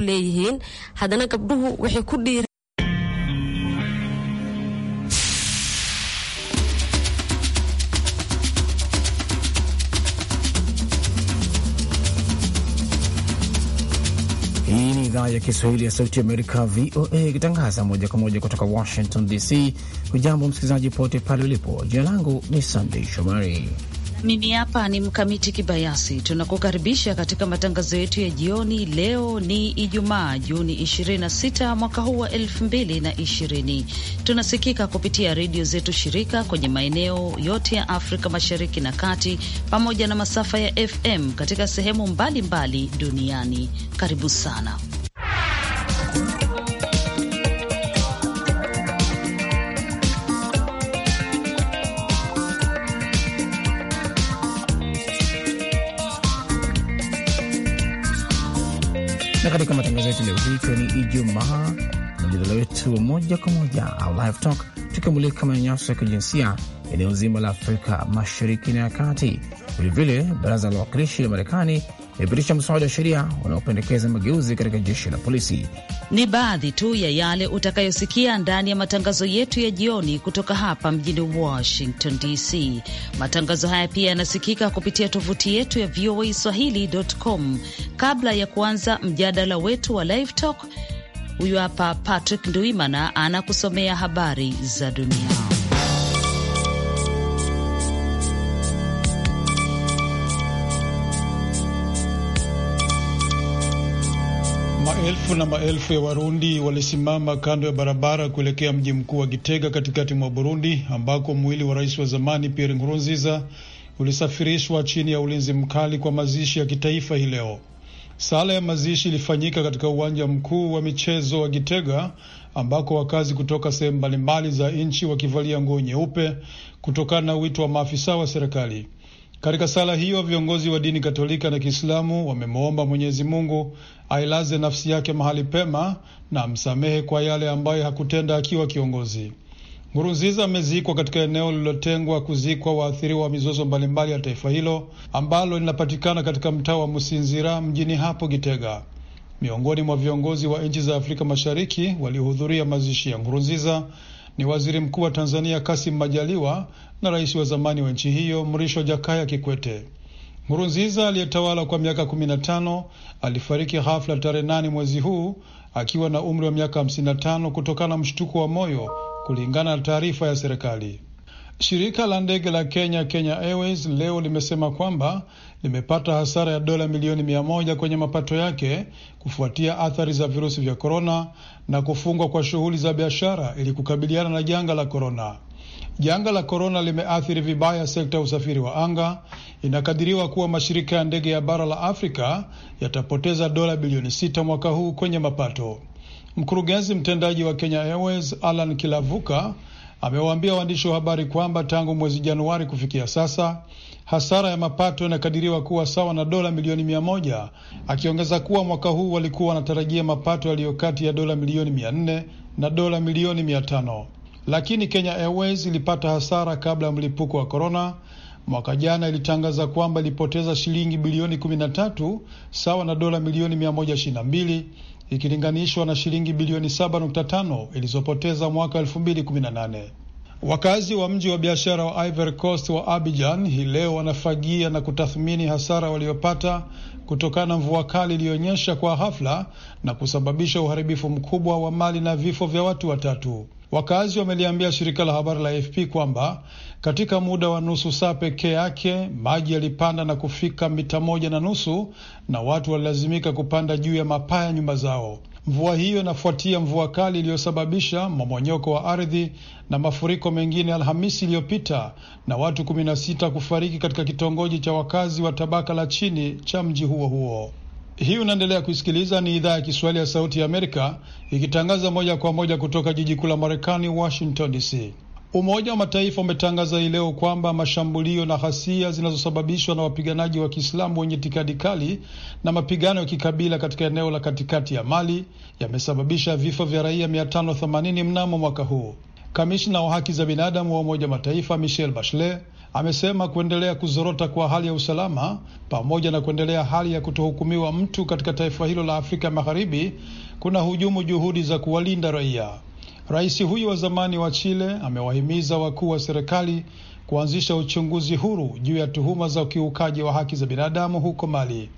leeyihiin haddana gabdhuhu waxay ku dhiiri Hii ni idhaa ya Kiswahili ya Sauti Amerika, VOA, ikitangaza moja kwa moja kutoka Washington DC. Hujambo msikilizaji pote pale ulipo. Jina langu ni Sandei Shomari mimi hapa ni Mkamiti Kibayasi, tunakukaribisha katika matangazo yetu ya jioni. Leo ni Ijumaa, Juni 26 mwaka huu wa 2020. Tunasikika kupitia redio zetu shirika kwenye maeneo yote ya Afrika Mashariki na Kati, pamoja na masafa ya FM katika sehemu mbalimbali mbali duniani. Karibu sana. na katika matangazo yetu leo hii, ikiwa ni Ijumaa, mjadala wetu wa moja kwa moja au live talk, tukimulika manyanyaso ya kijinsia eneo zima la Afrika Mashariki na ya Kati. Vilevile baraza la wawakilishi la Marekani imepitisha mswada wa sheria unaopendekeza mageuzi katika jeshi la polisi. Ni baadhi tu ya yale utakayosikia ndani ya matangazo yetu ya jioni kutoka hapa mjini Washington DC. Matangazo haya pia yanasikika kupitia tovuti yetu ya VOA Swahili.com. Kabla ya kuanza mjadala wetu wa Live Talk, huyu hapa Patrick nduimana anakusomea habari za dunia. Maelfu na maelfu ya Warundi walisimama kando ya barabara kuelekea mji mkuu wa Gitega katikati mwa Burundi, ambako mwili wa rais wa zamani Pierre Nkurunziza ulisafirishwa chini ya ulinzi mkali kwa mazishi ya kitaifa hii leo. Sala ya mazishi ilifanyika katika uwanja mkuu wa michezo wa Gitega, ambako wakazi kutoka sehemu mbalimbali za nchi wakivalia nguo nyeupe kutokana na wito wa maafisa wa serikali. Katika sala hiyo viongozi wa dini Katolika na Kiislamu wamemwomba Mwenyezi Mungu ailaze nafsi yake mahali pema na amsamehe kwa yale ambayo hakutenda akiwa kiongozi. Nkurunziza amezikwa katika eneo lililotengwa kuzikwa waathiriwa wa mizozo mbalimbali ya taifa hilo ambalo linapatikana katika mtaa wa Musinzira mjini hapo Gitega. Miongoni mwa viongozi wa nchi za Afrika Mashariki waliohudhuria mazishi ya Nkurunziza ni waziri mkuu wa Tanzania Kasim Majaliwa na rais wa zamani wa nchi hiyo Mrisho Jakaya Kikwete. Nkurunziza aliyetawala kwa miaka kumi na tano alifariki ghafla tarehe nane mwezi huu akiwa na umri wa miaka hamsini na tano kutokana na mshtuko wa moyo, kulingana na taarifa ya serikali. Shirika la ndege la Kenya, Kenya Airways, leo limesema kwamba limepata hasara ya dola milioni mia moja kwenye mapato yake kufuatia athari za virusi vya korona na kufungwa kwa shughuli za biashara ili kukabiliana na janga la korona. Janga la korona limeathiri vibaya sekta ya usafiri wa anga. Inakadiriwa kuwa mashirika ya ndege ya bara la Afrika yatapoteza dola bilioni sita mwaka huu kwenye mapato. Mkurugenzi mtendaji wa Kenya Airways Alan Kilavuka amewaambia waandishi wa habari kwamba tangu mwezi Januari kufikia sasa Hasara ya mapato inakadiriwa kuwa sawa na dola milioni mia moja, akiongeza kuwa mwaka huu walikuwa wanatarajia mapato yaliyo kati ya dola milioni mia nne na dola milioni mia tano, lakini Kenya Airways ilipata hasara kabla ya mlipuko wa korona. Mwaka jana ilitangaza kwamba ilipoteza shilingi bilioni 13 sawa na dola milioni 122 ikilinganishwa na shilingi bilioni 7.5 ilizopoteza mwaka 2018. Wakazi wa mji wa biashara wa Ivory Coast wa Abidjan hii leo wanafagia na kutathmini hasara waliopata kutokana na mvua kali iliyonyesha kwa hafla na kusababisha uharibifu mkubwa wa mali na vifo vya watu watatu. Wakazi wameliambia shirika la habari la AFP kwamba katika muda wa nusu saa pekee yake maji yalipanda na kufika mita moja na nusu na watu walilazimika kupanda juu ya mapaa ya nyumba zao. Mvua hiyo inafuatia mvua kali iliyosababisha mmomonyoko wa ardhi na mafuriko mengine Alhamisi iliyopita na watu kumi na sita kufariki katika kitongoji cha wakazi wa tabaka la chini cha mji huo huo. Hii unaendelea kuisikiliza, ni idhaa ya Kiswahili ya Sauti ya Amerika ikitangaza moja kwa moja kutoka jiji kuu la Marekani, Washington DC. Umoja wa Mataifa umetangaza hii leo kwamba mashambulio na ghasia zinazosababishwa na wapiganaji wa Kiislamu wenye itikadi kali na mapigano ya kikabila katika eneo la katikati ya Mali yamesababisha vifo vya raia 580 mnamo mwaka huu. Kamishna wa haki za binadamu wa Umoja wa Mataifa Michelle Bachelet amesema kuendelea kuzorota kwa hali ya usalama pamoja na kuendelea hali ya kutohukumiwa mtu katika taifa hilo la Afrika Magharibi kuna hujumu juhudi za kuwalinda raia. Rais huyu wa zamani wa Chile amewahimiza wakuu wa serikali kuanzisha uchunguzi huru juu ya tuhuma za ukiukaji wa haki za binadamu huko Mali.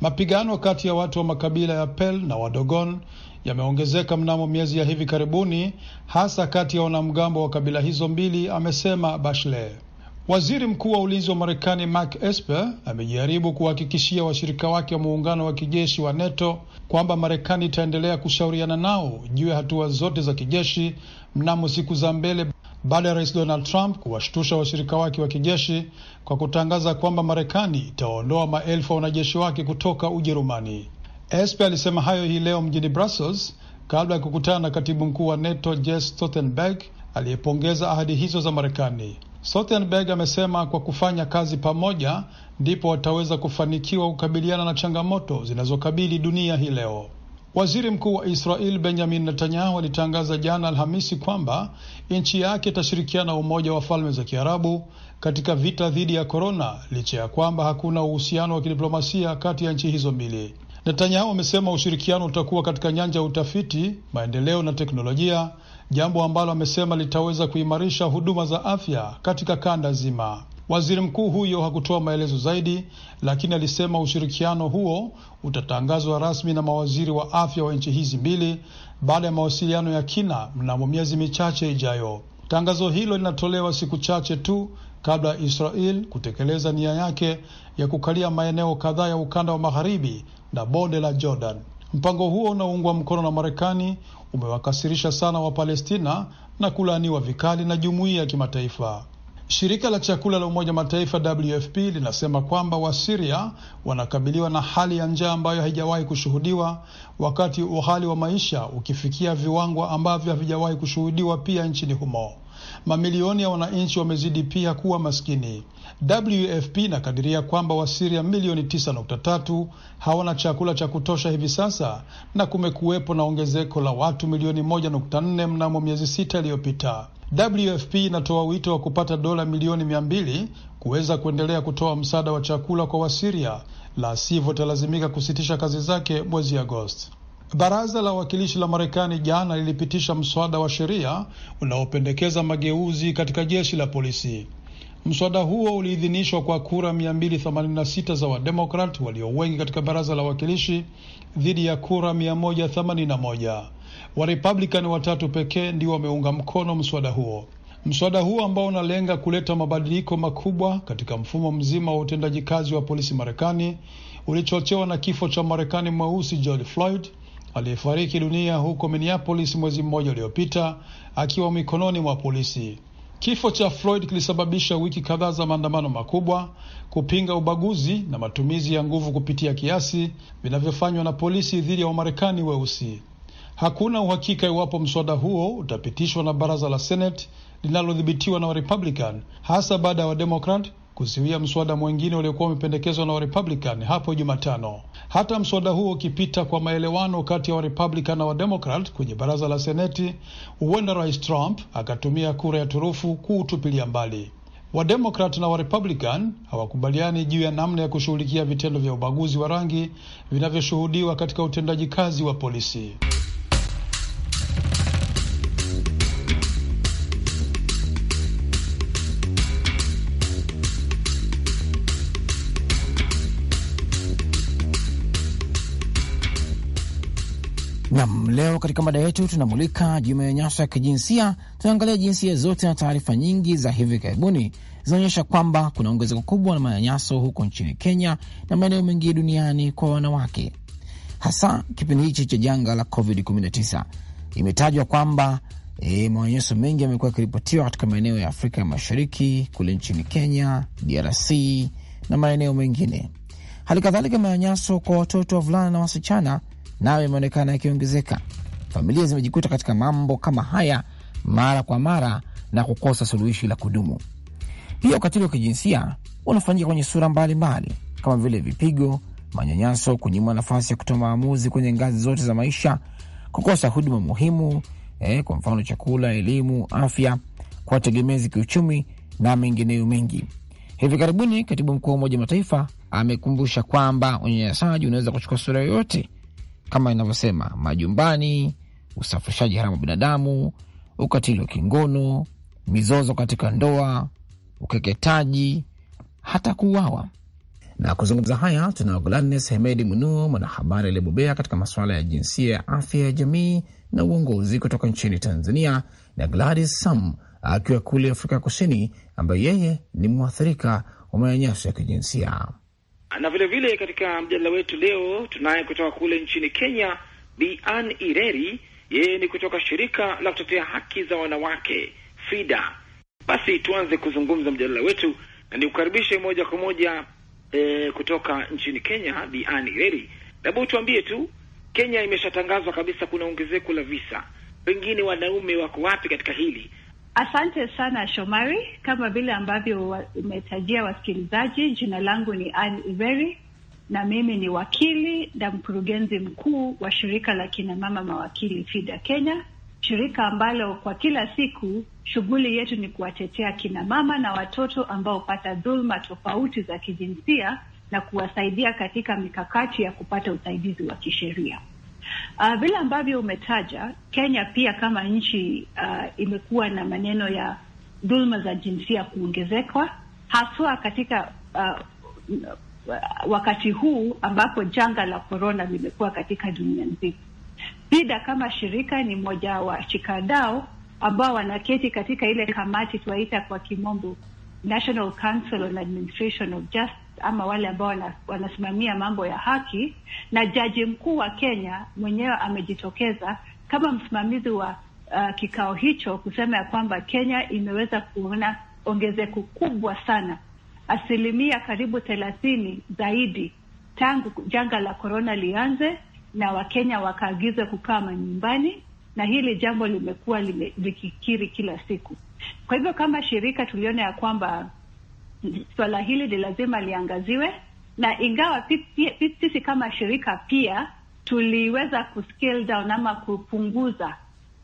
Mapigano kati ya watu wa makabila ya Pel na Wadogon yameongezeka mnamo miezi ya hivi karibuni, hasa kati ya wanamgambo wa kabila hizo mbili, amesema Bachelet. Waziri mkuu wa ulinzi wa Marekani Mark Esper amejaribu kuwahakikishia washirika wake wa muungano wa kijeshi wa NATO kwamba Marekani itaendelea kushauriana nao juu ya hatua zote za kijeshi mnamo siku za mbele baada ya rais Donald Trump kuwashtusha washirika wake wa kijeshi kwa kutangaza kwamba Marekani itawaondoa maelfu ya wanajeshi wake kutoka Ujerumani. Esper alisema hayo hii leo mjini Brussels kabla ya kukutana na katibu mkuu wa NATO Jens Stoltenberg aliyepongeza ahadi hizo za Marekani. Stoltenberg amesema kwa kufanya kazi pamoja ndipo wataweza kufanikiwa kukabiliana na changamoto zinazokabili dunia hii leo. Waziri Mkuu wa Israel Benjamin Netanyahu alitangaza jana Alhamisi kwamba nchi yake itashirikiana na Umoja wa Falme za Kiarabu katika vita dhidi ya korona, licha ya kwamba hakuna uhusiano wa kidiplomasia kati ya nchi hizo mbili. Netanyahu amesema ushirikiano utakuwa katika nyanja ya utafiti, maendeleo na teknolojia jambo ambalo amesema litaweza kuimarisha huduma za afya katika kanda zima. Waziri mkuu huyo hakutoa maelezo zaidi, lakini alisema ushirikiano huo utatangazwa rasmi na mawaziri wa afya wa nchi hizi mbili baada ya mawasiliano ya kina mnamo miezi michache ijayo. Tangazo hilo linatolewa siku chache tu kabla ya Israel kutekeleza nia yake ya kukalia maeneo kadhaa ya ukanda wa magharibi na bonde la Jordan. Mpango huo unaoungwa mkono na Marekani umewakasirisha sana Wapalestina na kulaaniwa vikali na jumuiya ya kimataifa. Shirika la chakula la Umoja Mataifa WFP linasema kwamba Wasiria wanakabiliwa na hali ya njaa ambayo haijawahi kushuhudiwa, wakati uhali wa maisha ukifikia viwango ambavyo havijawahi kushuhudiwa pia nchini humo. Mamilioni ya wananchi wamezidi pia kuwa maskini. WFP inakadiria kwamba Wasiria milioni 9.3 hawana chakula cha kutosha hivi sasa na kumekuwepo na ongezeko la watu milioni 1.4 mnamo miezi sita iliyopita. WFP inatoa wito wa kupata dola milioni 200 kuweza kuendelea kutoa msaada wa chakula kwa Wasiria, la sivyo italazimika kusitisha kazi zake mwezi Agosti. Baraza la Wawakilishi la Marekani jana lilipitisha mswada wa sheria unaopendekeza mageuzi katika jeshi la polisi. Mswada huo uliidhinishwa kwa kura 286 za Wademokrat walio wengi katika baraza la wawakilishi dhidi ya kura 181. Warepublican watatu pekee ndio wameunga mkono mswada huo. Mswada huo ambao unalenga kuleta mabadiliko makubwa katika mfumo mzima wa utendaji kazi wa polisi Marekani ulichochewa na kifo cha Marekani mweusi George Floyd aliyefariki dunia huko Minneapolis mwezi mmoja uliopita akiwa mikononi mwa polisi. Kifo cha Floyd kilisababisha wiki kadhaa za maandamano makubwa kupinga ubaguzi na matumizi ya nguvu kupitia kiasi vinavyofanywa na polisi dhidi ya Wamarekani weusi. Hakuna uhakika iwapo mswada huo utapitishwa na baraza la Senate linalodhibitiwa na Warepublican, hasa baada ya Wademokrat kuzuia mswada mwingine uliokuwa umependekezwa na Warepublican hapo Jumatano. Hata mswada huo ukipita kwa maelewano kati ya Warepublican na Wademokrat kwenye baraza la Seneti, huenda Rais Trump akatumia kura ya turufu kuutupilia mbali. Wademokrat na Warepublican hawakubaliani juu ya namna ya kushughulikia vitendo vya ubaguzi wa rangi vinavyoshuhudiwa katika utendaji kazi wa polisi. Nam, leo katika mada yetu tunamulika juu ya manyanyaso ya kijinsia. Tunaangalia jinsia zote na taarifa nyingi za hivi karibuni zinaonyesha kwamba kuna ongezeko kubwa la manyanyaso huko nchini Kenya na maeneo mengine duniani kwa wanawake, hasa kipindi hichi cha janga la COVID-19. Imetajwa kwamba e, manyanyaso mengi yamekuwa yakiripotiwa katika maeneo ya Afrika ya Mashariki, kule nchini Kenya, DRC na maeneo mengine. Hali kadhalika manyanyaso kwa watoto wavulana na wasichana nayo imeonekana yakiongezeka. Familia zimejikuta katika mambo kama haya mara kwa mara na kukosa suluhishi la kudumu. Pia ukatili wa kijinsia unafanyika kwenye sura mbalimbali mbali, kama vile vipigo, manyanyaso, kunyimwa nafasi ya kutoa maamuzi kwenye ngazi zote za maisha, kukosa huduma muhimu eh, kwa mfano chakula, elimu, afya, kwa tegemezi kiuchumi na mengineyo mengi. Hivi karibuni katibu mkuu wa Umoja Mataifa amekumbusha kwamba unyanyasaji unaweza kuchukua sura yoyote kama inavyosema majumbani, usafirishaji haramu wa binadamu, ukatili wa kingono, mizozo katika ndoa, ukeketaji, hata kuuawa. Na kuzungumza haya tunao Gladness Hemedi Munu, mwanahabari aliyebobea katika masuala ya jinsia ya afya ya jamii na uongozi kutoka nchini Tanzania, na Gladys Sam akiwa kule Afrika Kusini, ambaye yeye ni mwathirika wa manyanyaso ya kijinsia na vilevile vile katika mjadala wetu leo tunaye kutoka kule nchini Kenya, Bi Ann Ireri. Yeye ni kutoka shirika la kutetea haki za wanawake FIDA. Basi tuanze kuzungumza mjadala wetu na nikukaribishe moja kwa moja e, kutoka nchini Kenya, Bi Ann Ireri, labda tuambie tu, Kenya imeshatangazwa kabisa kuna ongezeko la visa, pengine wanaume wako wapi katika hili? Asante sana Shomari. Kama vile ambavyo umetajia wasikilizaji, jina langu ni an Iveri na mimi ni wakili na mkurugenzi mkuu wa shirika la kinamama mawakili FIDA Kenya, shirika ambalo kwa kila siku shughuli yetu ni kuwatetea kinamama na watoto ambao hupata dhuluma tofauti za kijinsia na kuwasaidia katika mikakati ya kupata usaidizi wa kisheria. Uh, vile ambavyo umetaja Kenya pia kama nchi uh, imekuwa na maneno ya dhuluma za jinsia kuongezekwa haswa katika uh, wakati huu ambapo janga la korona limekuwa katika dunia nzima. PIDA kama shirika ni mmoja wa chikadao ambao wanaketi katika ile kamati tuwaita kwa kimombo National Council on Administration of Justice ama wale ambao wanasimamia mambo ya haki, na jaji mkuu wa Kenya mwenyewe amejitokeza kama msimamizi wa uh, kikao hicho kusema ya kwamba Kenya imeweza kuona ongezeko kubwa sana, asilimia karibu thelathini zaidi tangu janga la korona lianze, na Wakenya wakaagizwa kukaa manyumbani, na hili jambo limekuwa likikiri kila siku. Kwa hivyo kama shirika tuliona ya kwamba swala hili ni lazima liangaziwe, na ingawa sisi kama shirika pia tuliweza kuscale down ama kupunguza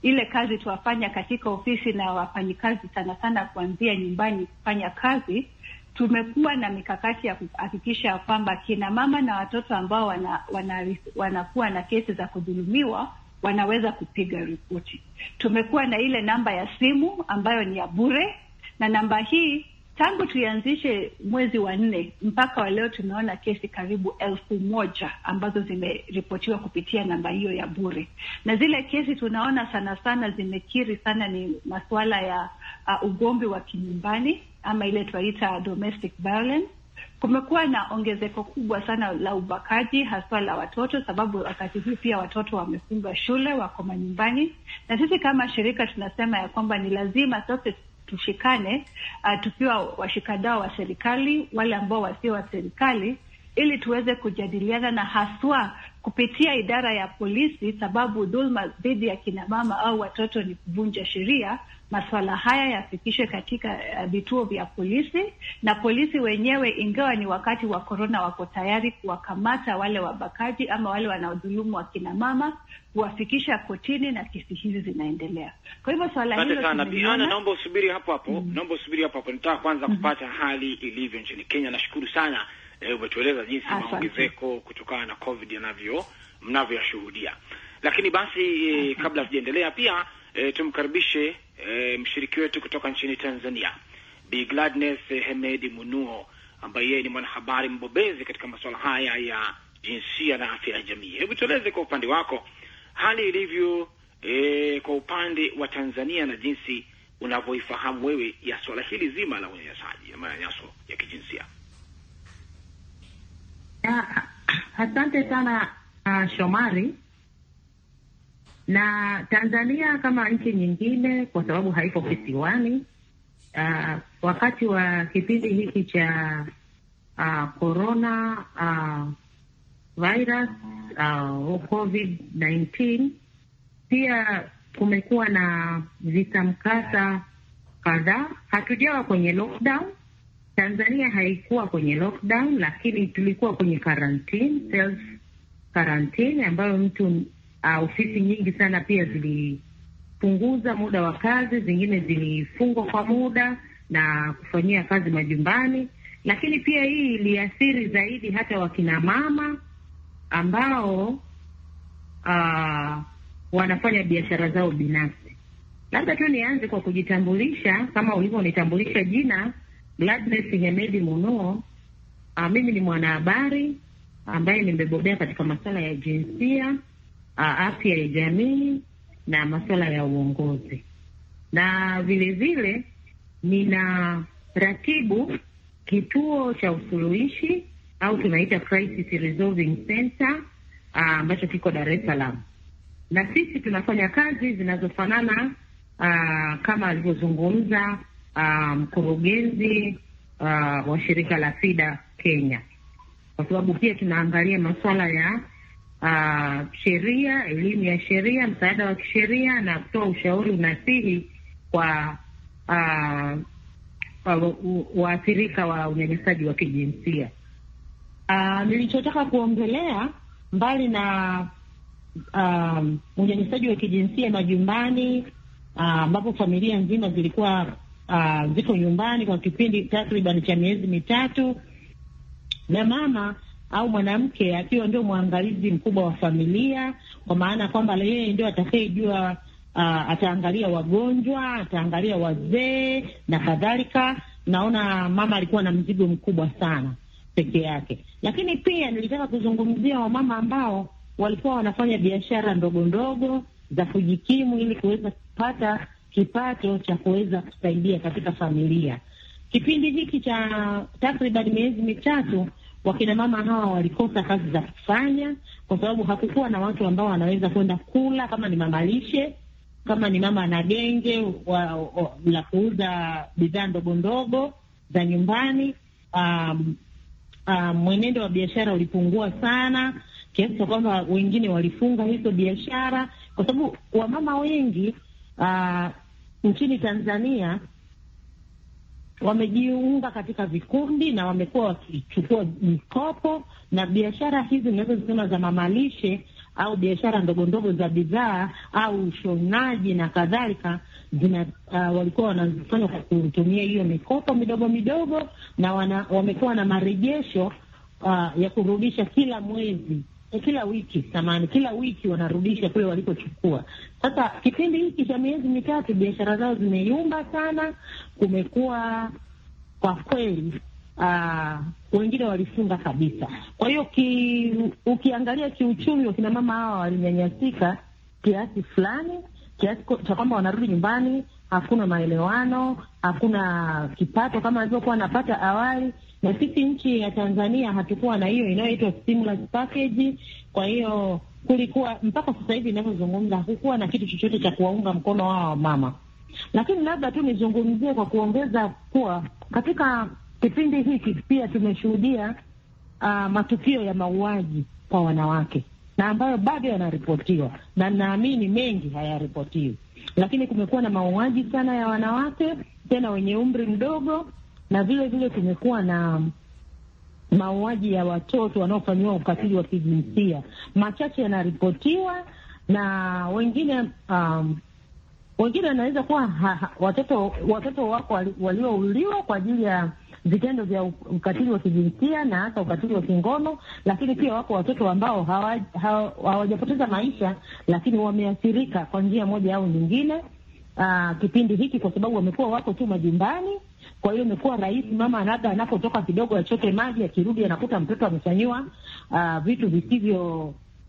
ile kazi tuwafanya katika ofisi na wafanyikazi sana sana kuanzia nyumbani kufanya kazi. Tumekuwa na mikakati ya kuhakikisha kwamba kina mama na watoto ambao wana, wana, wanakuwa na kesi za kudhulumiwa wanaweza kupiga ripoti. Tumekuwa na ile namba ya simu ambayo ni ya bure, na namba hii tangu tuianzishe mwezi wa nne mpaka wa leo tumeona kesi karibu elfu moja ambazo zimeripotiwa kupitia namba hiyo ya bure, na zile kesi tunaona sana sana zimekiri sana ni masuala ya uh, ugomvi wa kinyumbani ama ile tunaita domestic violence. Kumekuwa na ongezeko kubwa sana la ubakaji haswa la watoto, sababu wakati huu pia watoto wamefunga shule, wako manyumbani, na sisi kama shirika tunasema ya kwamba ni lazima sote tushikane, uh, tukiwa washikadao wa serikali, wale ambao wasio wa serikali, ili tuweze kujadiliana na haswa kupitia idara ya polisi, sababu dhulma dhidi ya kinamama au watoto ni kuvunja sheria. Masuala haya yafikishwe katika eh, vituo vya polisi, na polisi wenyewe, ingawa ni wakati wa korona, wako tayari kuwakamata wale wabakaji ama wale wanaodhulumu kinamama kuwafikisha kotini, na kesi hizi zinaendelea. Kwa hivyo swala hilo sana, Biana, naomba usubiri hapo hapo, mm-hmm. naomba usubiri hapo hapo, nitaka kwanza mm-hmm. kupata hali ilivyo nchini Kenya. Nashukuru sana eh, umetueleza jinsi maongezeko kutokana na COVID yanavyo mnavyoyashuhudia. Lakini basi eh, kabla sijaendelea pia eh, tumkaribishe eh, mshiriki wetu kutoka nchini Tanzania Bi Gladness Hemedi Munuo ambaye yeye ni mwanahabari mbobezi katika masuala haya ya jinsia na afya ya jamii. Hebu tueleze kwa upande wako hali ilivyo e, kwa upande wa Tanzania na jinsi unavyoifahamu wewe ya swala hili zima la unyanyasaji na manyanyaso ya kijinsia asante sana uh, Shomari. Na Tanzania kama nchi nyingine, kwa sababu haiko kisiwani uh, wakati wa kipindi hiki cha ah, corona uh, virus uh, COVID-19 pia kumekuwa na vitamkasa kadhaa. Hatujawa kwenye lockdown Tanzania haikuwa kwenye lockdown, lakini tulikuwa kwenye quarantine, self quarantine ambayo mtu uh, ofisi nyingi sana pia zilipunguza muda wa kazi, zingine zilifungwa kwa muda na kufanyia kazi majumbani. Lakini pia hii iliathiri zaidi hata wakina mama ambao uh, wanafanya biashara zao binafsi. Labda tu nianze kwa kujitambulisha kama ulivyonitambulisha jina Gladness Hemedi Munuo. Uh, mimi ni mwanahabari ambaye nimebobea katika masuala ya jinsia, uh, afya ya jamii na masuala ya uongozi, na vilevile nina ratibu kituo cha usuluhishi au tunaita crisis resolving center ah, ambacho uh, kiko Dar es Salaam, na sisi tunafanya kazi zinazofanana uh, kama alivyozungumza Um, mkurugenzi um, uh, wa shirika la FIDA Kenya, kwa sababu pia tunaangalia masuala ya uh, sheria, elimu ya sheria, msaada wa kisheria na kutoa ushauri unasihi kwa uh, waathirika wa unyanyasaji wa kijinsia. Uh, nilichotaka kuongelea mbali na um, unyanyasaji wa kijinsia majumbani uh, ambapo uh, familia nzima zilikuwa uh, ziko nyumbani kwa kipindi takriban cha miezi mitatu, na mama au mwanamke akiwa ndio mwangalizi mkubwa wa familia, kwa maana kwamba yeye ndio atakayejua uh, ataangalia wagonjwa, ataangalia wazee na kadhalika. Naona mama alikuwa na mzigo mkubwa sana peke yake, lakini pia nilitaka kuzungumzia wamama ambao walikuwa wanafanya biashara ndogo ndogo za kujikimu ili kuweza kupata kipato cha kuweza kusaidia katika familia. Kipindi hiki cha takriban miezi mitatu, wakina mama hawa walikosa kazi za kufanya, kwa sababu hakukuwa na watu ambao wanaweza kwenda kula, kama ni mama lishe, kama ni mama na genge la kuuza bidhaa ndogo ndogo za nyumbani. Um, um, mwenendo wa biashara ulipungua sana kiasi cha kwamba wengine walifunga hizo biashara, kwa sababu wamama wengi uh, nchini Tanzania wamejiunga katika vikundi na wamekuwa wakichukua mikopo, na biashara hizi zisema za mamalishe au biashara ndogo ndogo za bidhaa au ushonaji na kadhalika zina uh, walikuwa wanazifanya kwa kutumia hiyo mikopo midogo midogo, na wamekuwa na marejesho uh, ya kurudisha kila mwezi Eh, kila wiki samani, kila wiki wanarudisha kule walikochukua. Sasa kipindi hiki cha miezi mitatu biashara zao zimeyumba sana, kumekuwa kwa kweli Uh, wengine walifunga kabisa. Kwa hiyo ki, ukiangalia kiuchumi, wakina mama hawa walinyanyasika kiasi fulani, kiasi cha kwamba wanarudi nyumbani, hakuna maelewano, hakuna kipato kama alivyokuwa anapata awali na sisi nchi ya Tanzania hatukuwa na hiyo inayoitwa stimulus package. Kwa hiyo kulikuwa mpaka sasa hivi inavyozungumza, hakukuwa na kitu chochote cha kuwaunga mkono hawa wamama, lakini labda tu nizungumzie kwa kuongeza kuwa katika kipindi hiki pia tumeshuhudia uh, matukio ya mauaji kwa wanawake na ambayo bado yanaripotiwa, na naamini mengi hayaripotiwi, lakini kumekuwa na mauaji sana ya wanawake, tena wenye umri mdogo na vile vile kumekuwa na mauaji ya watoto wanaofanyiwa ukatili wa kijinsia. Machache yanaripotiwa na wengine um, wengine wanaweza kuwa ha, ha, watoto watoto wako waliouliwa kwa ajili ya vitendo vya ukatili wa kijinsia na hasa ukatili wa kingono, lakini pia wako watoto ambao hawajapoteza maisha, lakini wameathirika kwa njia moja au nyingine, uh, kipindi hiki, kwa sababu wamekuwa wako tu majumbani kwa hiyo imekuwa rahisi mama labda anapotoka kidogo achote maji, akirudi anakuta mtoto amefanyiwa uh, vitu visivyo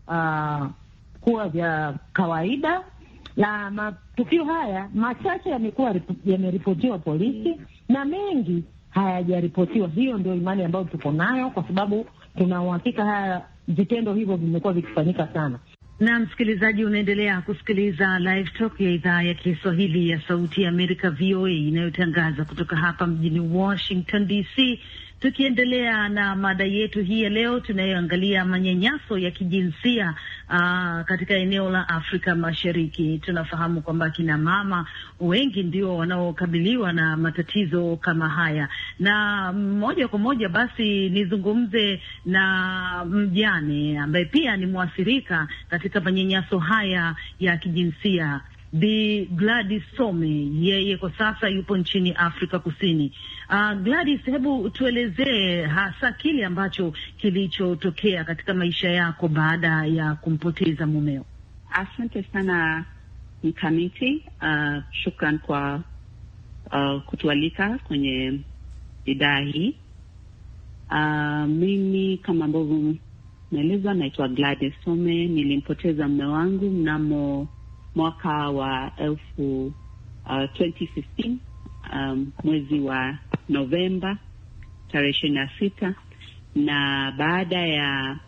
uh, kuwa vya kawaida. Na matukio haya machache yamekuwa yameripotiwa polisi na mengi hayajaripotiwa. Hiyo ndio imani ambayo tuko nayo, kwa sababu tunauhakika haya vitendo hivyo vimekuwa vikifanyika sana na msikilizaji, unaendelea kusikiliza Live Talk ya idhaa ya Kiswahili ya Sauti ya Amerika, VOA, inayotangaza kutoka hapa mjini Washington DC. Tukiendelea na mada yetu hii ya leo tunayoangalia manyanyaso ya kijinsia aa, ah, katika eneo la Afrika Mashariki. Tunafahamu kwamba kina mama wengi ndio wanaokabiliwa na matatizo kama haya, na moja kwa moja basi nizungumze na mjane ambaye pia ni mwathirika katika manyanyaso haya ya kijinsia Bi Gladys Some, yeye kwa sasa yupo nchini Afrika Kusini. Uh, Gladys, hebu tuelezee hasa kile ambacho kilichotokea katika maisha yako baada ya kumpoteza mumeo. Asante sana Mkamiti. Uh, shukran kwa uh, kutualika kwenye idhaa hii. Uh, mimi kama ambavyo naelezwa, naitwa Gladys Some. Nilimpoteza mume wangu mnamo mwaka wa elfu uh, 2015 um, mwezi wa Novemba tarehe ishirini na sita na baada ya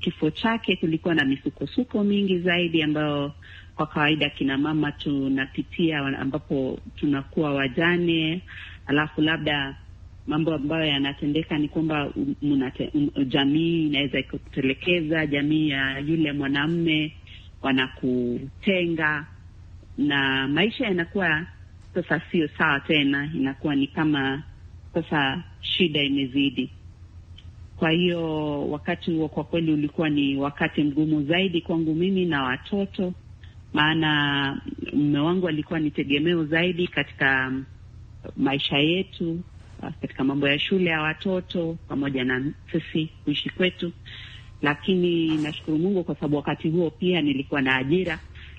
kifo chake kulikuwa na misukosuko mingi zaidi ambayo kwa kawaida kina mama tunapitia, ambapo tunakuwa wajane, alafu labda mambo ambayo yanatendeka ni kwamba um, jamii inaweza ikakupelekeza, jamii ya yule mwanamme wanakutenga, na maisha yanakuwa sasa sio sawa tena, inakuwa ni kama sasa shida imezidi. Kwa hiyo wakati huo kwa kweli ulikuwa ni wakati mgumu zaidi kwangu mimi na watoto, maana mume wangu alikuwa ni tegemeo zaidi katika maisha yetu, katika mambo ya shule ya watoto pamoja na sisi kuishi kwetu. Lakini nashukuru Mungu kwa sababu wakati huo pia nilikuwa na ajira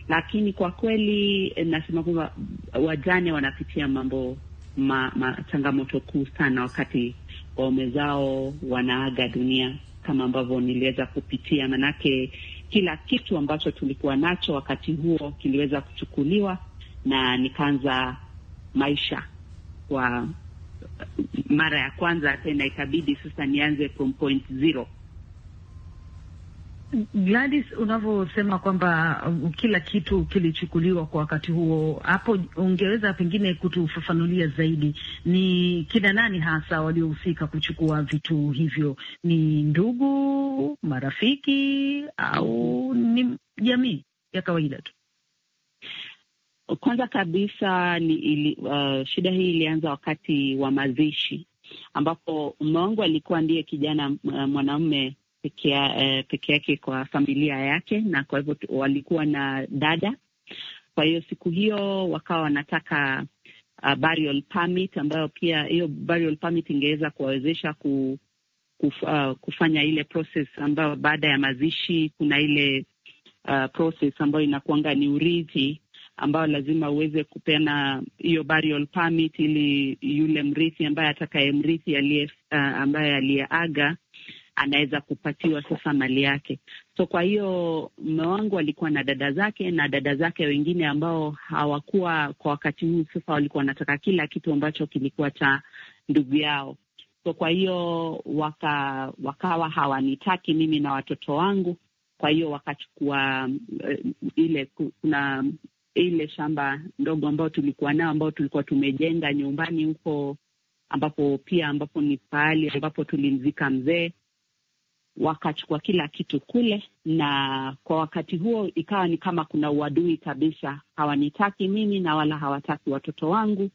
lakini kwa kweli eh, nasema kwamba wajane wanapitia mambo ma, ma, changamoto kuu sana wakati waume zao wanaaga dunia, kama ambavyo niliweza kupitia, manake kila kitu ambacho tulikuwa nacho wakati huo kiliweza kuchukuliwa na nikaanza maisha kwa eh, mara ya kwanza tena, ikabidi sasa nianze from point zero. Gladys, unavyosema kwamba um, kila kitu kilichukuliwa kwa wakati huo, hapo ungeweza pengine kutufafanulia zaidi, ni kina nani hasa waliohusika kuchukua vitu hivyo? Ni ndugu, marafiki, au ni jamii ya kawaida tu? Kwanza kabisa ni ili, uh, shida hii ilianza wakati wa mazishi ambapo mume wangu alikuwa ndiye kijana uh, mwanaume Eh, peke yake kwa familia yake, na kwa hivyo walikuwa na dada. Kwa hiyo siku hiyo wakawa wanataka uh, burial permit, ambayo pia hiyo burial permit ingeweza kuwawezesha ku, kuf, uh, kufanya ile process ambayo baada ya mazishi kuna ile uh, process ambayo inakuanga ni urithi ambayo lazima uweze kupeana hiyo burial permit ili yule mrithi ambaye atakaye mrithi uh, ambaye aliyeaga anaweza kupatiwa sasa mali yake. So kwa hiyo mume wangu alikuwa na dada zake na dada zake wengine ambao hawakuwa kwa wakati huu, sasa walikuwa wanataka kila kitu ambacho kilikuwa cha ndugu yao. So kwa hiyo waka, wakawa hawanitaki mimi na watoto wangu, kwa hiyo wakachukua uh, ile kuna ile shamba ndogo ambayo tulikuwa nao ambao tulikuwa tumejenga nyumbani huko ambapo pia ambapo ni pahali ambapo tulimzika mzee wakachukua kila kitu kule, na kwa wakati huo ikawa ni kama kuna uadui kabisa. Hawanitaki mimi na wala hawataki watoto wangu,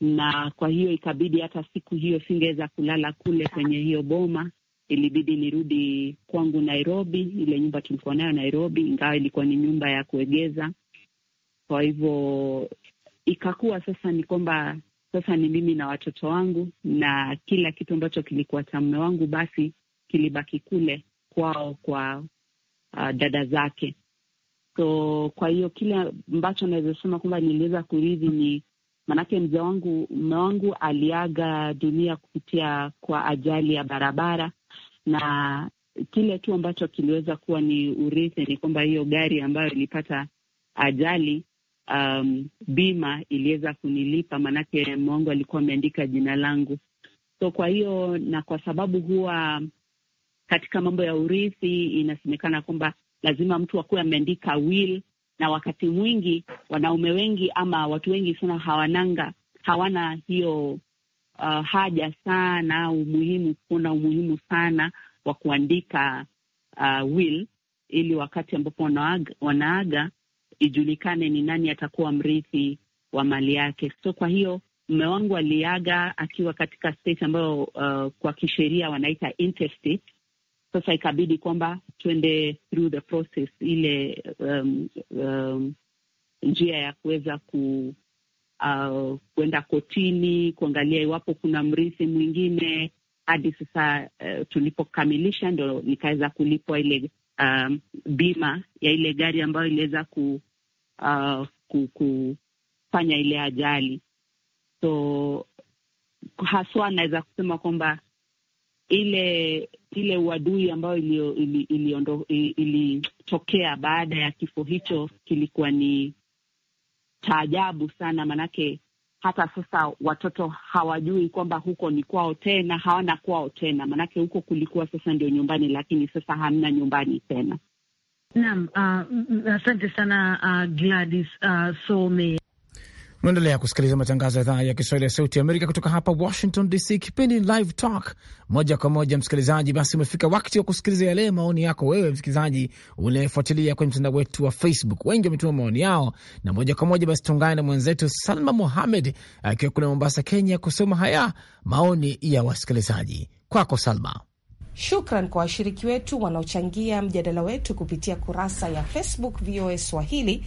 na kwa hiyo ikabidi, hata siku hiyo singeweza kulala kule kwenye hiyo boma, ilibidi nirudi kwangu Nairobi, ile nyumba tulikuwa nayo Nairobi, ingawa ilikuwa ni nyumba ya kuegeza. Kwa hivyo ikakuwa sasa ni kwamba sasa ni mimi na watoto wangu, na kila kitu ambacho kilikuwa cha mume wangu basi kilibaki kule kwao kwa uh, dada zake. So kwa hiyo kile ambacho naweza sema kwamba niliweza kurithi ni maanake, mzee wangu mme wangu aliaga dunia kupitia kwa ajali ya barabara, na kile tu ambacho kiliweza kuwa ni urithi ni kwamba hiyo gari ambayo ilipata ajali um, bima iliweza kunilipa, maanake mme wangu alikuwa ameandika jina langu. So kwa hiyo na kwa sababu huwa katika mambo ya urithi inasemekana kwamba lazima mtu akuwe ameandika will, na wakati mwingi wanaume wengi ama watu wengi sana hawananga hawana hiyo uh, haja sana umuhimu kuna umuhimu sana wa kuandika uh, will ili wakati ambapo wanaaga, wanaaga ijulikane ni nani atakuwa mrithi wa mali yake. So kwa hiyo mme wangu aliaga akiwa katika state ambayo uh, kwa kisheria wanaita intestate sasa ikabidi kwamba tuende through the process ile um, um, njia ya kuweza ku uh, kuenda kotini kuangalia iwapo kuna mrithi mwingine. Hadi sasa uh, tulipokamilisha ndo nikaweza kulipwa ile um, bima ya ile gari ambayo iliweza ku, uh, ku, kufanya ile ajali. So haswa naweza kusema kwamba ile ile uadui ambayo ilitokea ili, ili ili baada ya kifo hicho kilikuwa ni taajabu sana, manake hata sasa watoto hawajui kwamba huko ni kwao tena, hawana kwao tena, manake huko kulikuwa sasa ndio nyumbani, lakini sasa hamna nyumbani tena. Naam, ah, asante uh, sana uh, Gladys uh, Some. Unaendelea kusikiliza matangazo ya idhaa ya Kiswahili ya Sauti ya Amerika kutoka hapa Washington DC, kipindi Live Talk moja kwa moja. Msikilizaji, basi umefika wakati wa kusikiliza yale maoni yako wewe, msikilizaji unayefuatilia kwenye mtandao wetu wa Facebook. Wengi wametuma maoni yao, na moja kwa moja basi tuungane na mwenzetu Salma Muhamed akiwa kule Mombasa, Kenya, kusoma haya maoni ya wasikilizaji. Kwako Salma. Shukran kwa washiriki wetu wanaochangia mjadala wetu kupitia kurasa ya Facebook VOA Swahili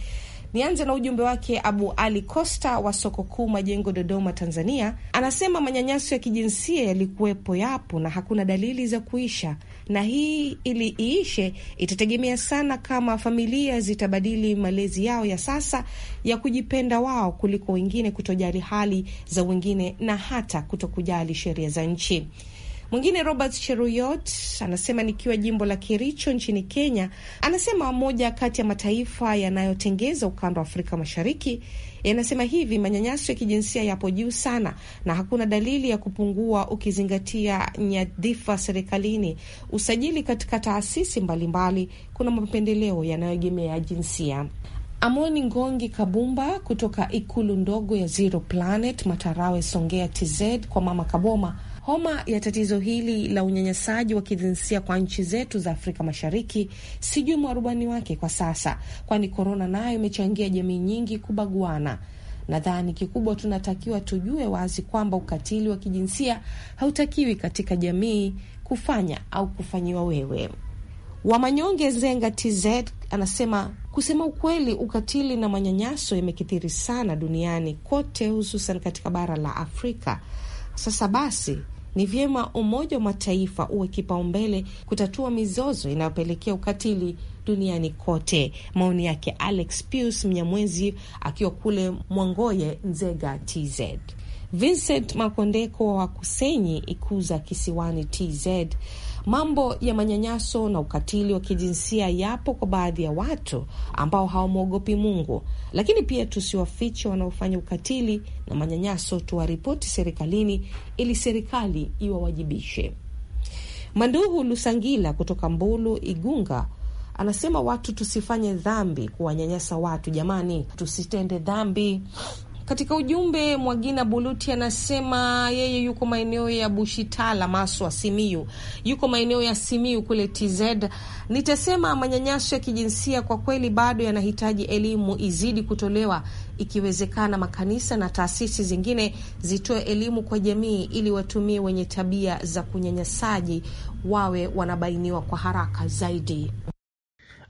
Nianze na ujumbe wake Abu Ali Costa wa soko kuu Majengo, Dodoma, Tanzania. Anasema manyanyaso ya kijinsia yalikuwepo, yapo na hakuna dalili za kuisha, na hii ili iishe itategemea sana kama familia zitabadili malezi yao ya sasa ya kujipenda wao kuliko wengine, kutojali hali za wengine na hata kutokujali sheria za nchi. Mwingine Robert Cheruyot anasema nikiwa jimbo la Kericho nchini Kenya, anasema moja kati ya mataifa yanayotengeza ukanda wa Afrika Mashariki yanasema hivi, manyanyaso ya kijinsia yapo juu sana na hakuna dalili ya kupungua, ukizingatia nyadhifa serikalini, usajili katika taasisi mbalimbali, kuna mapendeleo yanayoegemea jinsia. Amoni Ngongi Kabumba kutoka ikulu ndogo ya Zero Planet Matarawe, Songea TZ, kwa Mama Kaboma Homa ya tatizo hili la unyanyasaji wa kijinsia kwa nchi zetu za Afrika Mashariki sijui mwarubani wake kwa sasa, kwani korona nayo imechangia jamii nyingi kubaguana. Nadhani kikubwa tunatakiwa tujue wazi kwamba ukatili wa kijinsia hautakiwi katika jamii kufanya au kufanyiwa wewe. Wamanyonge Zenga TZ anasema kusema ukweli, ukatili na manyanyaso yamekithiri sana duniani kote, hususan katika bara la Afrika. Sasa basi ni vyema Umoja wa Mataifa uwe kipaumbele kutatua mizozo inayopelekea ukatili duniani kote. Maoni yake Alex Pius Mnyamwezi akiwa kule Mwangoye, Nzega, TZ. Vincent Makondeko wa Kusenyi Ikuza, Kisiwani, TZ Mambo ya manyanyaso na ukatili wa kijinsia yapo kwa baadhi ya watu ambao hawamwogopi Mungu, lakini pia tusiwafiche wanaofanya ukatili na manyanyaso, tuwaripoti serikalini ili serikali iwawajibishe. Manduhu Lusangila kutoka Mbulu, Igunga, anasema watu tusifanye dhambi kuwanyanyasa watu. Jamani, tusitende dhambi. Katika ujumbe Mwagina Buluti anasema yeye yuko maeneo ya Bushitala, Maswa, simiu yuko maeneo ya simiu kule TZ. Nitasema manyanyaso ya kijinsia kwa kweli bado yanahitaji elimu izidi kutolewa, ikiwezekana makanisa na taasisi zingine zitoe elimu kwa jamii ili watumie wenye tabia za kunyanyasaji wawe wanabainiwa kwa haraka zaidi.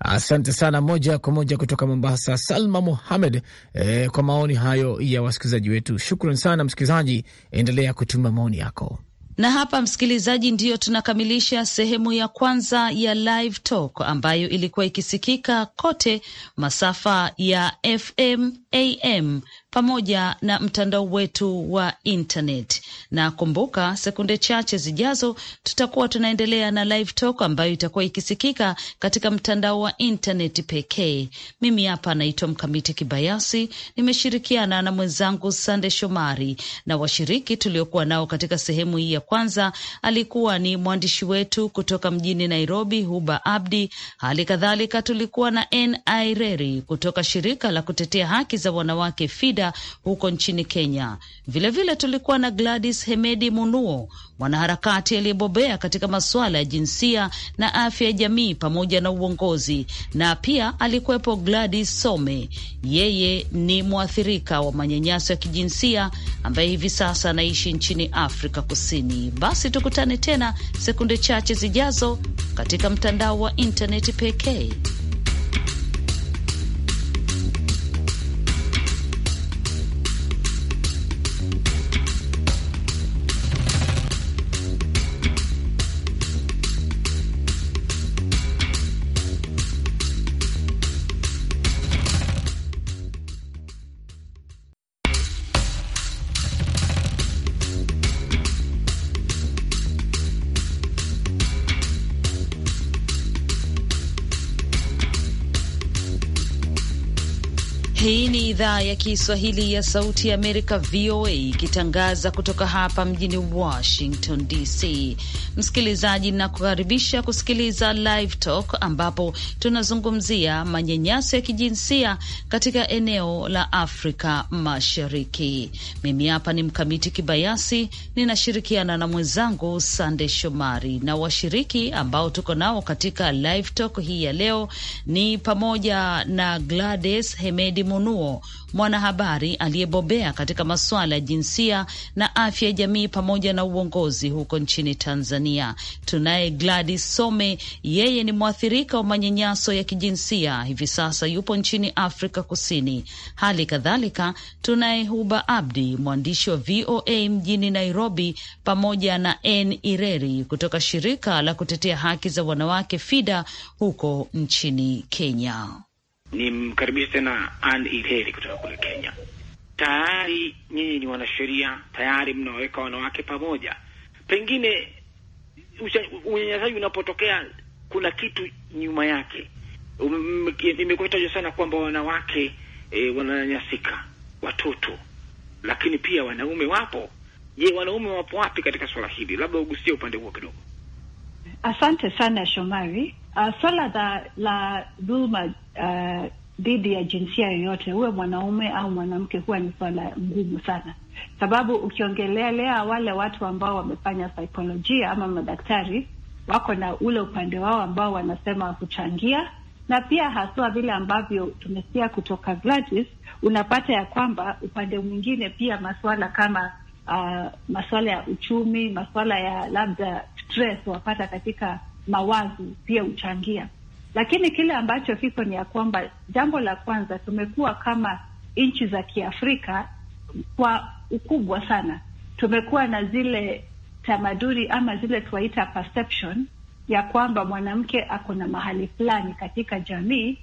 Asante sana, moja kwa moja kutoka Mombasa, Salma Muhamed, eh, kwa maoni hayo ya wasikilizaji wetu. Shukran sana msikilizaji, endelea kutuma maoni yako na hapa msikilizaji, ndiyo tunakamilisha sehemu ya kwanza ya Live Talk ambayo ilikuwa ikisikika kote masafa ya FM, AM pamoja na mtandao wetu wa internet. Na kumbuka, sekunde chache zijazo tutakuwa tunaendelea na live talk ambayo itakuwa ikisikika katika mtandao wa internet pekee. Mimi hapa naitwa Mkamiti Kibayasi, nimeshirikiana na mwenzangu Sande Shomari, na washiriki tuliokuwa nao katika sehemu hii ya kwanza alikuwa ni mwandishi wetu kutoka mjini Nairobi, Huba Abdi. Hali kadhalika tulikuwa na nireri kutoka shirika la kutetea haki za wanawake FIDA mazingira huko nchini Kenya. Vilevile vile tulikuwa na Gladys Hemedi Munuo, mwanaharakati aliyebobea katika masuala ya jinsia na afya ya jamii pamoja na uongozi, na pia alikuwepo Gladys Some, yeye ni mwathirika wa manyanyaso ya kijinsia ambaye hivi sasa anaishi nchini Afrika Kusini. Basi tukutane tena sekunde chache zijazo katika mtandao wa intaneti pekee. Hii ni idhaa ya Kiswahili ya Sauti ya Amerika, VOA, ikitangaza kutoka hapa mjini Washington DC. Msikilizaji, nakukaribisha kusikiliza Live Talk ambapo tunazungumzia manyanyaso ya kijinsia katika eneo la Afrika Mashariki. Mimi hapa ni Mkamiti Kibayasi, ninashirikiana na mwenzangu Sande Shomari, na washiriki ambao tuko nao katika Live Talk hii ya leo ni pamoja na Gladys Hemedi Munuo, mwanahabari aliyebobea katika masuala ya jinsia na afya ya jamii pamoja na uongozi huko nchini Tanzania. Tunaye Gladys Some, yeye ni mwathirika wa manyanyaso ya kijinsia, hivi sasa yupo nchini Afrika Kusini. Hali kadhalika tunaye Huba Abdi, mwandishi wa VOA mjini Nairobi, pamoja na N Ireri kutoka shirika la kutetea haki za wanawake FIDA huko nchini Kenya nimkaribishe tena Ann Ilheri kutoka kule Kenya. Tayari nyinyi ni wanasheria, tayari mnaweka wanawake pamoja. Pengine unyanyasaji unapotokea kuna kitu nyuma yake. Um, Imekuwa tajwa sana kwamba wanawake e, wananyanyasika watoto, lakini pia wanaume wapo. Je, wanaume wapo wapi katika suala hili? Labda ugusie upande huo kidogo. Asante sana Shomari. Uh, swala la, la dhuluma uh, ah, dhidi ya jinsia yoyote, huwe mwanaume au mwanamke, huwa ni swala ngumu sana, sababu ukiongelelea wale watu ambao wamefanya saikolojia ama madaktari wako na ule upande wao ambao wanasema kuchangia na pia haswa vile ambavyo tumesikia kutoka Gladys, unapata ya kwamba upande mwingine pia masuala kama uh, ah, masuala ya uchumi, masuala ya labda stress wapata katika mawazo pia huchangia, lakini kile ambacho kiko ni ya kwamba, jambo la kwanza, tumekuwa kama nchi za Kiafrika kwa ukubwa sana, tumekuwa na zile tamaduni ama zile tuwaita perception ya kwamba mwanamke ako na mahali fulani katika jamii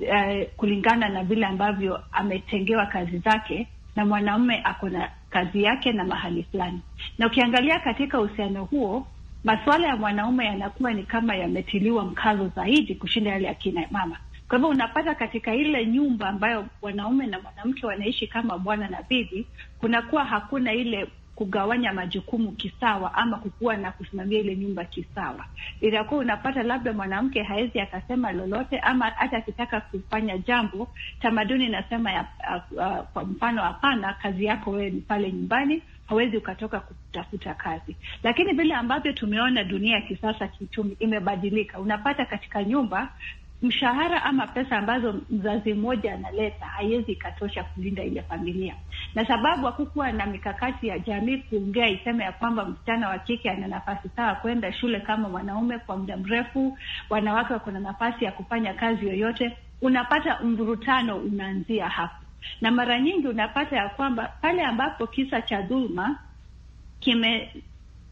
eh, kulingana na vile ambavyo ametengewa kazi zake, na mwanaume ako na kazi yake na mahali fulani. Na ukiangalia katika uhusiano huo, masuala ya mwanaume yanakuwa ni kama yametiliwa mkazo zaidi kushinda yale ya kina mama. Kwa hivyo unapata katika ile nyumba ambayo mwanaume na mwanamke wanaishi kama bwana na bibi, kunakuwa hakuna ile kugawanya majukumu kisawa ama kukuwa na kusimamia ile nyumba kisawa. Itakuwa unapata labda mwanamke hawezi akasema lolote, ama hata akitaka kufanya jambo, tamaduni inasema ya, uh, uh, kwa mfano hapana, kazi yako wewe ni pale nyumbani, hawezi ukatoka kutafuta kazi. Lakini vile ambavyo tumeona dunia ya kisasa kiuchumi imebadilika, unapata katika nyumba mshahara ama pesa ambazo mzazi mmoja analeta haiwezi ikatosha kulinda ile familia, na sababu hakukuwa na mikakati ya jamii kuongea iseme ya kwamba msichana wa kike ana nafasi sawa kwenda shule kama mwanaume kwa muda mrefu, wanawake wako na nafasi ya kufanya kazi yoyote. Unapata mvurutano unaanzia hapo na mara nyingi unapata ya kwamba pale ambapo kisa cha dhuluma kime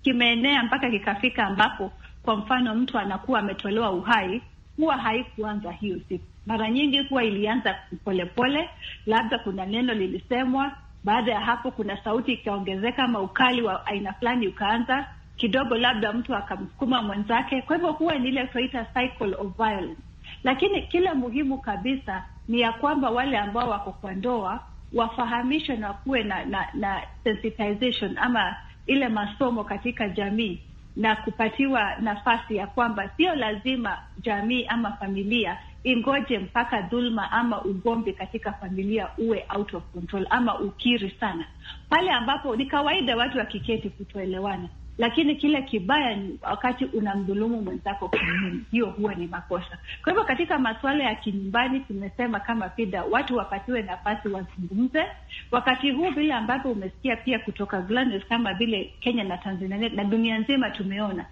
kimeenea mpaka kikafika ambapo kwa mfano mtu anakuwa ametolewa uhai, huwa haikuanza hiyo siku. Mara nyingi huwa ilianza polepole, labda kuna neno lilisemwa, baada ya hapo kuna sauti ikaongezeka, ama ukali wa aina fulani ukaanza kidogo, labda mtu akamsukuma mwenzake. Kwa hivyo huwa ni ile tunaita cycle of violence, lakini kile muhimu kabisa ni ya kwamba wale ambao wako kwa ndoa wafahamishwe na kuwe na, na, na sensitization ama ile masomo katika jamii na kupatiwa nafasi ya kwamba sio lazima jamii ama familia ingoje mpaka dhulma ama ugombi katika familia uwe out of control ama ukiri sana. Pale ambapo ni kawaida watu wakiketi kutoelewana, lakini kile kibaya ni wakati unamdhulumu mwenzako kimwili, hiyo huwa ni makosa. Kwa hivyo katika masuala ya kinyumbani, tumesema kama fida watu wapatiwe nafasi wazungumze. Wakati huu vile ambavyo umesikia pia kutoka Glandes, kama vile Kenya na Tanzania na dunia nzima, tumeona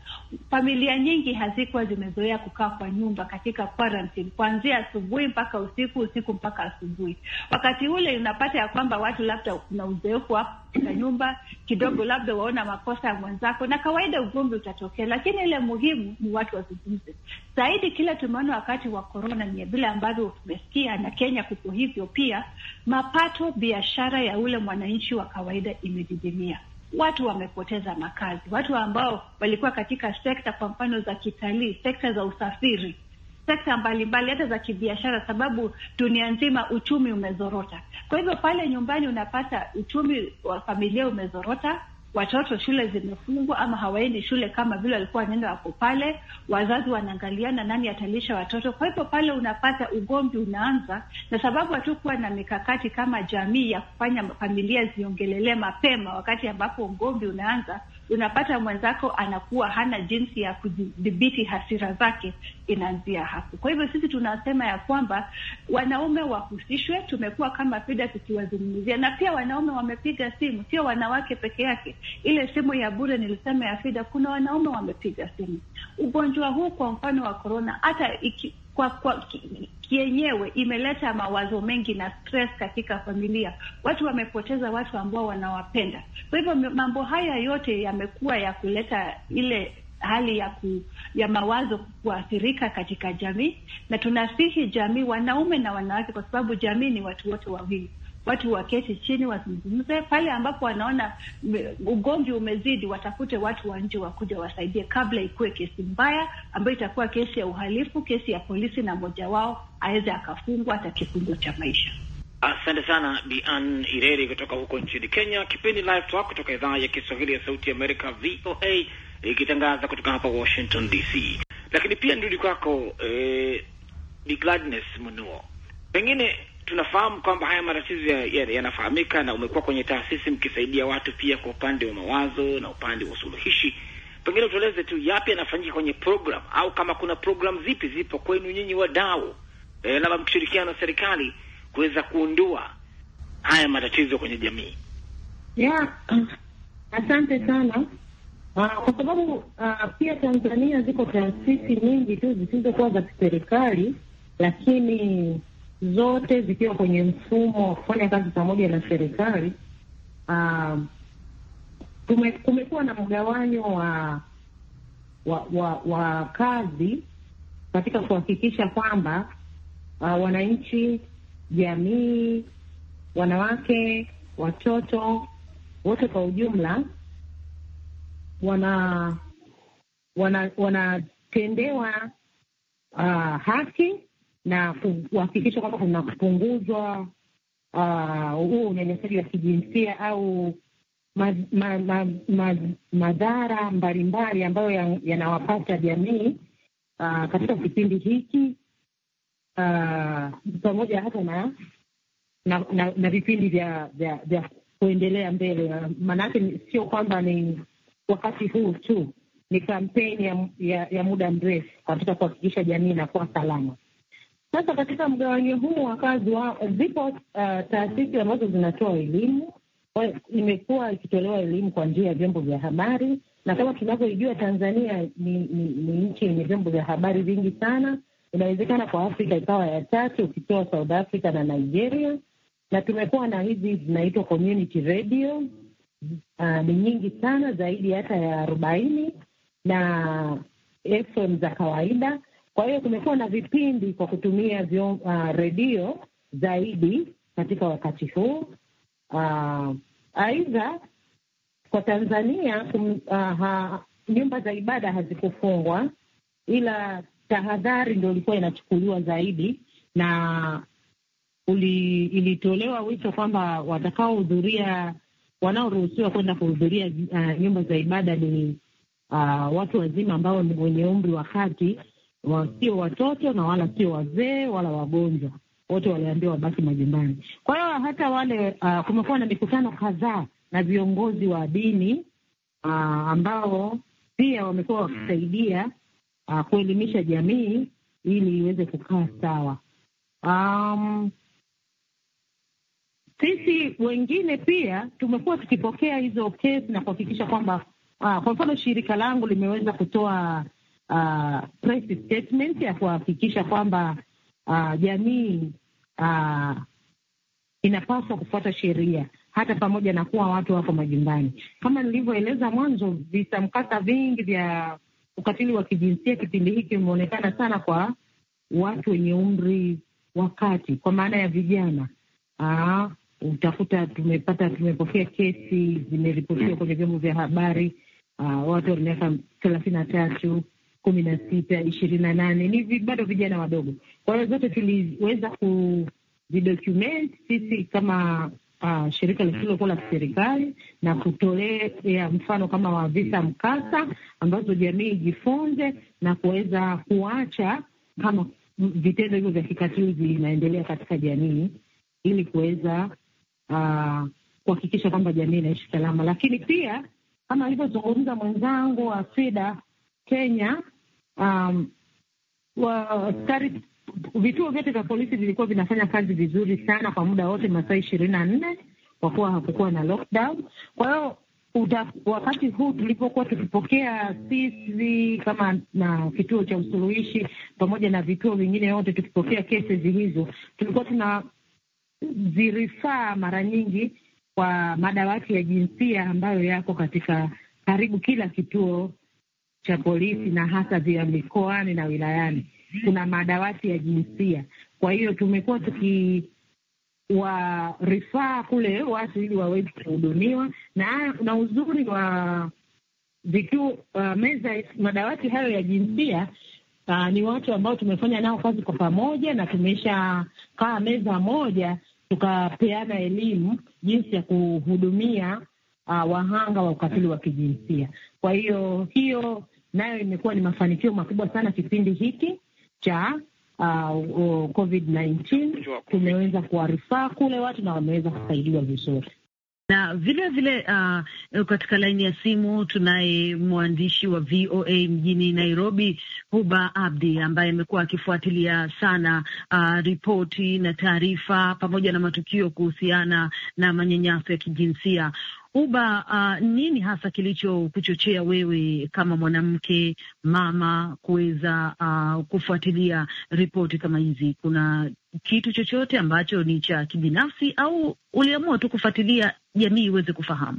familia nyingi hazikuwa zimezoea kukaa kwa nyumba katika quarantine, kuanzia asubuhi mpaka usiku, usiku mpaka asubuhi. Wakati ule unapata ya kwamba watu labda kuna uzoefu katika nyumba kidogo, labda waona makosa ya mwenzako, na kawaida ugomvi utatokea, lakini ile muhimu ni watu wazungumze zaidi. Kila tumeona wakati wa korona ni vile ambavyo tumesikia, na Kenya kuko hivyo pia, mapato, biashara ya ule mwananchi wa kawaida imedidimia. Watu wamepoteza makazi, watu ambao walikuwa katika sekta kwa mfano za kitalii, sekta za usafiri sekta mbalimbali hata za kibiashara, sababu dunia nzima uchumi umezorota. Kwa hivyo pale nyumbani unapata uchumi wa familia umezorota, watoto shule zimefungwa ama hawaendi shule kama vile walikuwa wanaenda, wako pale, wazazi wanaangaliana nani atalisha watoto. Kwa hivyo pale unapata ugomvi unaanza, na sababu hatukuwa na mikakati kama jamii ya kufanya familia ziongelelee mapema wakati ambapo ugomvi unaanza unapata mwenzako anakuwa hana jinsi ya kudhibiti hasira zake, inaanzia hapo. Kwa hivyo sisi tunasema ya kwamba wanaume wahusishwe. Tumekuwa kama FIDA tukiwazungumzia, na pia wanaume wamepiga simu, sio wanawake peke yake. Ile simu ya bure nilisema ya FIDA, kuna wanaume wamepiga simu. Ugonjwa huu kwa mfano wa korona, hata kwa, kwa kienyewe imeleta mawazo mengi na stress katika familia. Watu wamepoteza watu ambao wanawapenda. Kwa hivyo mambo haya yote yamekuwa ya kuleta ile hali ya ku, ya mawazo kuathirika katika jamii, na tunasihi jamii, wanaume na wanawake, kwa sababu jamii ni watu wote wawili watu waketi chini wazungumze. Pale ambapo wanaona ugomvi umezidi, watafute watu wa nje wakuja wasaidie, kabla ikuwe kesi mbaya ambayo itakuwa kesi ya uhalifu, kesi ya polisi, na mmoja wao aweze akafungwa hata kifungo cha maisha. Asante sana Bian Ireri kutoka huko nchini Kenya. Kipindi Live Talk kutoka idhaa ya Kiswahili ya Sauti Amerika, VOA, ikitangaza kutoka hapa Washington DC. Lakini pia nirudi kwako, eh, ni Gladness Munuo, pengine tunafahamu kwamba haya matatizo yanafahamika ya, ya na umekuwa kwenye taasisi mkisaidia watu pia kwa upande wa mawazo na upande wa usuluhishi. Pengine utueleze tu yapi yanafanyika kwenye program au kama kuna program zipi zipo kwenu nyinyi wadau, eh, labda mkishirikiana na serikali kuweza kuondoa haya matatizo kwenye jamii yeah. Asante sana ah, kwa sababu uh, pia Tanzania ziko taasisi nyingi tu zisizokuwa za kiserikali, lakini zote zikiwa kwenye mfumo wa kufanya kazi pamoja na serikali. Uh, kumekuwa na mgawanyo wa wa, wa wa kazi katika kuhakikisha kwamba uh, wananchi, jamii, wanawake, watoto wote kwa ujumla wana wanatendewa wana uh, haki na kuhakikisha kwamba kuna kupunguzwa uh, huo uh, unyanyasaji wa kijinsia au madhara ma, ma, ma, ma mbalimbali ambayo yanawapata ya jamii uh, katika kipindi hiki uh, pamoja hata na na, na, na vipindi vya vya kuendelea mbele. Uh, maanake sio kwamba ni wakati huu tu, ni kampeni ya, ya, ya muda mrefu katika kuhakikisha jamii inakuwa salama. Sasa katika mgawanyo huu wakazi wa zipo uh, taasisi ambazo zinatoa elimu. Imekuwa ikitolewa elimu kwa njia ya vyombo vya habari, na kama tunavyoijua Tanzania ni, ni, ni nchi yenye vyombo vya habari vingi sana. Inawezekana kwa Afrika ikawa ya tatu ukitoa South Africa na Nigeria, na tumekuwa na hizi zinaitwa community radio uh, ni nyingi sana zaidi hata ya arobaini na FM za kawaida kwa hiyo kumekuwa na vipindi kwa kutumia vyo, uh, redio zaidi katika wakati huu. Uh, aidha kwa Tanzania kum, uh, ha, nyumba za ibada hazikufungwa, ila tahadhari ndo ilikuwa inachukuliwa zaidi, na uli, ilitolewa wito kwamba watakaohudhuria, wanaoruhusiwa kwenda kuhudhuria uh, nyumba za ibada ni uh, watu wazima ambao ni wenye umri wa kati wa, mm. sio watoto na wala sio wazee wala wagonjwa, wote waliambiwa wabaki majumbani. Kwa hiyo hata wale uh, kumekuwa na mikutano kadhaa na viongozi wa dini uh, ambao pia wamekuwa mm. wakisaidia uh, kuelimisha jamii ili iweze kukaa mm. sawa. Um, sisi wengine pia tumekuwa tukipokea hizo kesi na kuhakikisha kwamba, uh, kwa mfano shirika langu limeweza kutoa uh, press statement ya kuhakikisha kwamba uh, jamii uh, inapaswa kufuata sheria hata pamoja na kuwa watu wako majumbani. Kama nilivyoeleza mwanzo, visamkasa vingi vya ukatili wa kijinsia kipindi hiki vimeonekana sana kwa watu wenye umri wa kati, kwa maana ya vijana. Aa, ah, utakuta tumepata tumepokea kesi zimeripotiwa kwenye vyombo vya habari, ah, watu wa miaka thelathini na tatu kumi na sita ishirini na nane ni vi, bado vijana wadogo. Kwa hiyo zote tuliweza kuzidocument sisi kama Uh, shirika mm-hmm. lisilokuwa la kiserikali na kutolea mfano kama wa visa mm-hmm. mkasa ambazo jamii ijifunze na kuweza kuacha kama vitendo hivyo vya kikatili vinaendelea katika jamii, ili kuweza uh, kuhakikisha kwamba jamii inaishi salama. Lakini pia kama alivyozungumza mwenzangu wa FIDA Kenya um, wa, vituo vyote vya polisi vilikuwa vinafanya kazi vizuri sana kwa muda wote masaa ishirini na nne kwa kuwa hakukuwa na lockdown. Kwa hiyo wakati huu tulipokuwa tukipokea sisi kama na kituo cha usuluhishi pamoja na vituo vingine yote, tukipokea kesi hizo tulikuwa tunazirifaa mara nyingi kwa madawati ya jinsia ambayo yako katika karibu kila kituo cha polisi na hasa vya mikoani na wilayani, kuna madawati ya jinsia. Kwa hiyo tumekuwa tuki wa rifaa kule watu ili waweze kuhudumiwa na, na uzuri wa vikiwa uh, meza madawati hayo ya jinsia uh, ni watu ambao tumefanya nao kazi kwa pamoja na tumeshakaa meza moja tukapeana elimu jinsi ya kuhudumia uh, wahanga wa ukatili wa kijinsia. Kwa hiyo hiyo nayo imekuwa ni mafanikio makubwa sana kipindi hiki cha uh, COVID 19 tumeweza kuwarifaa kule watu na wameweza kusaidiwa vizuri na vile vile uh, katika laini ya simu tunaye mwandishi wa VOA mjini Nairobi, Huba Abdi, ambaye amekuwa akifuatilia sana uh, ripoti na taarifa pamoja na matukio kuhusiana na manyanyaso ya kijinsia. Uba, uh, nini hasa kilichokuchochea wewe kama mwanamke mama kuweza uh, kufuatilia ripoti kama hizi? Kuna kitu chochote ambacho ni cha kibinafsi au uliamua tu kufuatilia jamii iweze kufahamu?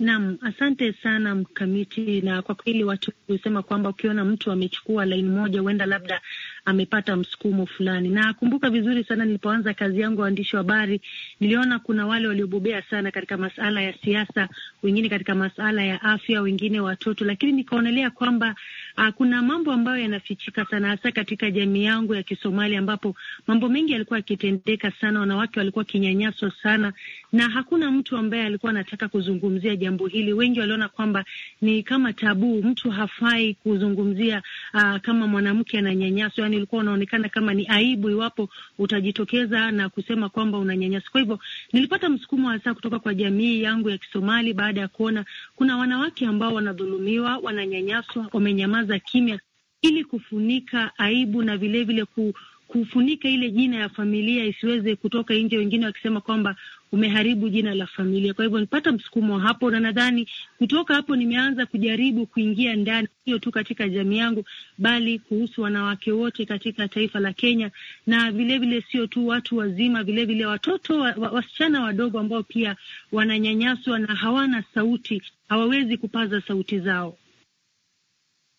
Naam, asante sana Mkamiti, na kwa kweli watu husema kwamba ukiona mtu amechukua laini moja, huenda labda amepata msukumo fulani. Na nakumbuka vizuri sana nilipoanza kazi yangu waandishi wa habari, niliona kuna wale waliobobea sana katika masala ya siasa, wengine katika masala ya afya, wengine watoto, lakini nikaonelea kwamba uh, kuna mambo ambayo yanafichika sana, hasa katika jamii yangu ya Kisomali ambapo mambo mengi yalikuwa yakitendeka sana, wanawake walikuwa wakinyanyaswa sana na hakuna mtu ambaye alikuwa anataka kuzungumzia jambo hili. Wengi waliona kwamba ni kama tabuu mtu hafai kuzungumzia aa, ah, kama mwanamke ananyanyaswa, yani ulikuwa unaonekana kama ni aibu iwapo utajitokeza na kusema kwamba unanyanyaswa. Kwa hivyo nilipata msukumo hasa kutoka kwa jamii yangu ya Kisomali baada ya kuona kuna wanawake ambao wanadhulumiwa, wananyanyaswa, wamenyamaza kimya ili kufunika aibu na vilevile vile kufunika ile jina ya familia isiweze kutoka nje, wengine wakisema kwamba umeharibu jina la familia. Kwa hivyo nipata msukumo hapo, na nadhani kutoka hapo nimeanza kujaribu kuingia ndani, sio tu katika jamii yangu, bali kuhusu wanawake wote katika taifa la Kenya, na vilevile sio tu watu wazima, vilevile watoto wa, wa, wasichana wadogo ambao pia wananyanyaswa na hawana sauti, hawawezi kupaza sauti zao.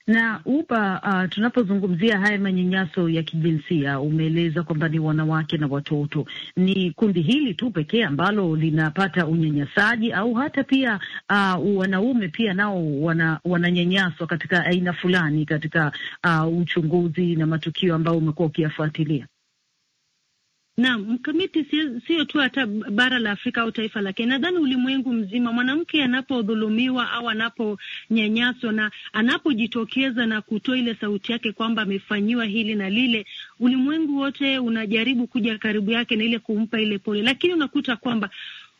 Na upa uh, tunapozungumzia haya manyanyaso ya kijinsia, umeeleza kwamba ni wanawake na watoto. Ni kundi hili tu pekee ambalo linapata unyanyasaji au hata pia uh, wanaume pia nao wana, wananyanyaswa katika aina fulani katika uh, uchunguzi na matukio ambayo umekuwa ukiyafuatilia? Naam, mkamiti, sio tu hata bara la Afrika au taifa la Kenya, nadhani ulimwengu mzima. Mwanamke anapodhulumiwa au anaponyanyaswa na anapojitokeza na kutoa ile sauti yake kwamba amefanyiwa hili na lile, ulimwengu wote unajaribu kuja karibu yake na ile kumpa ile pole, lakini unakuta kwamba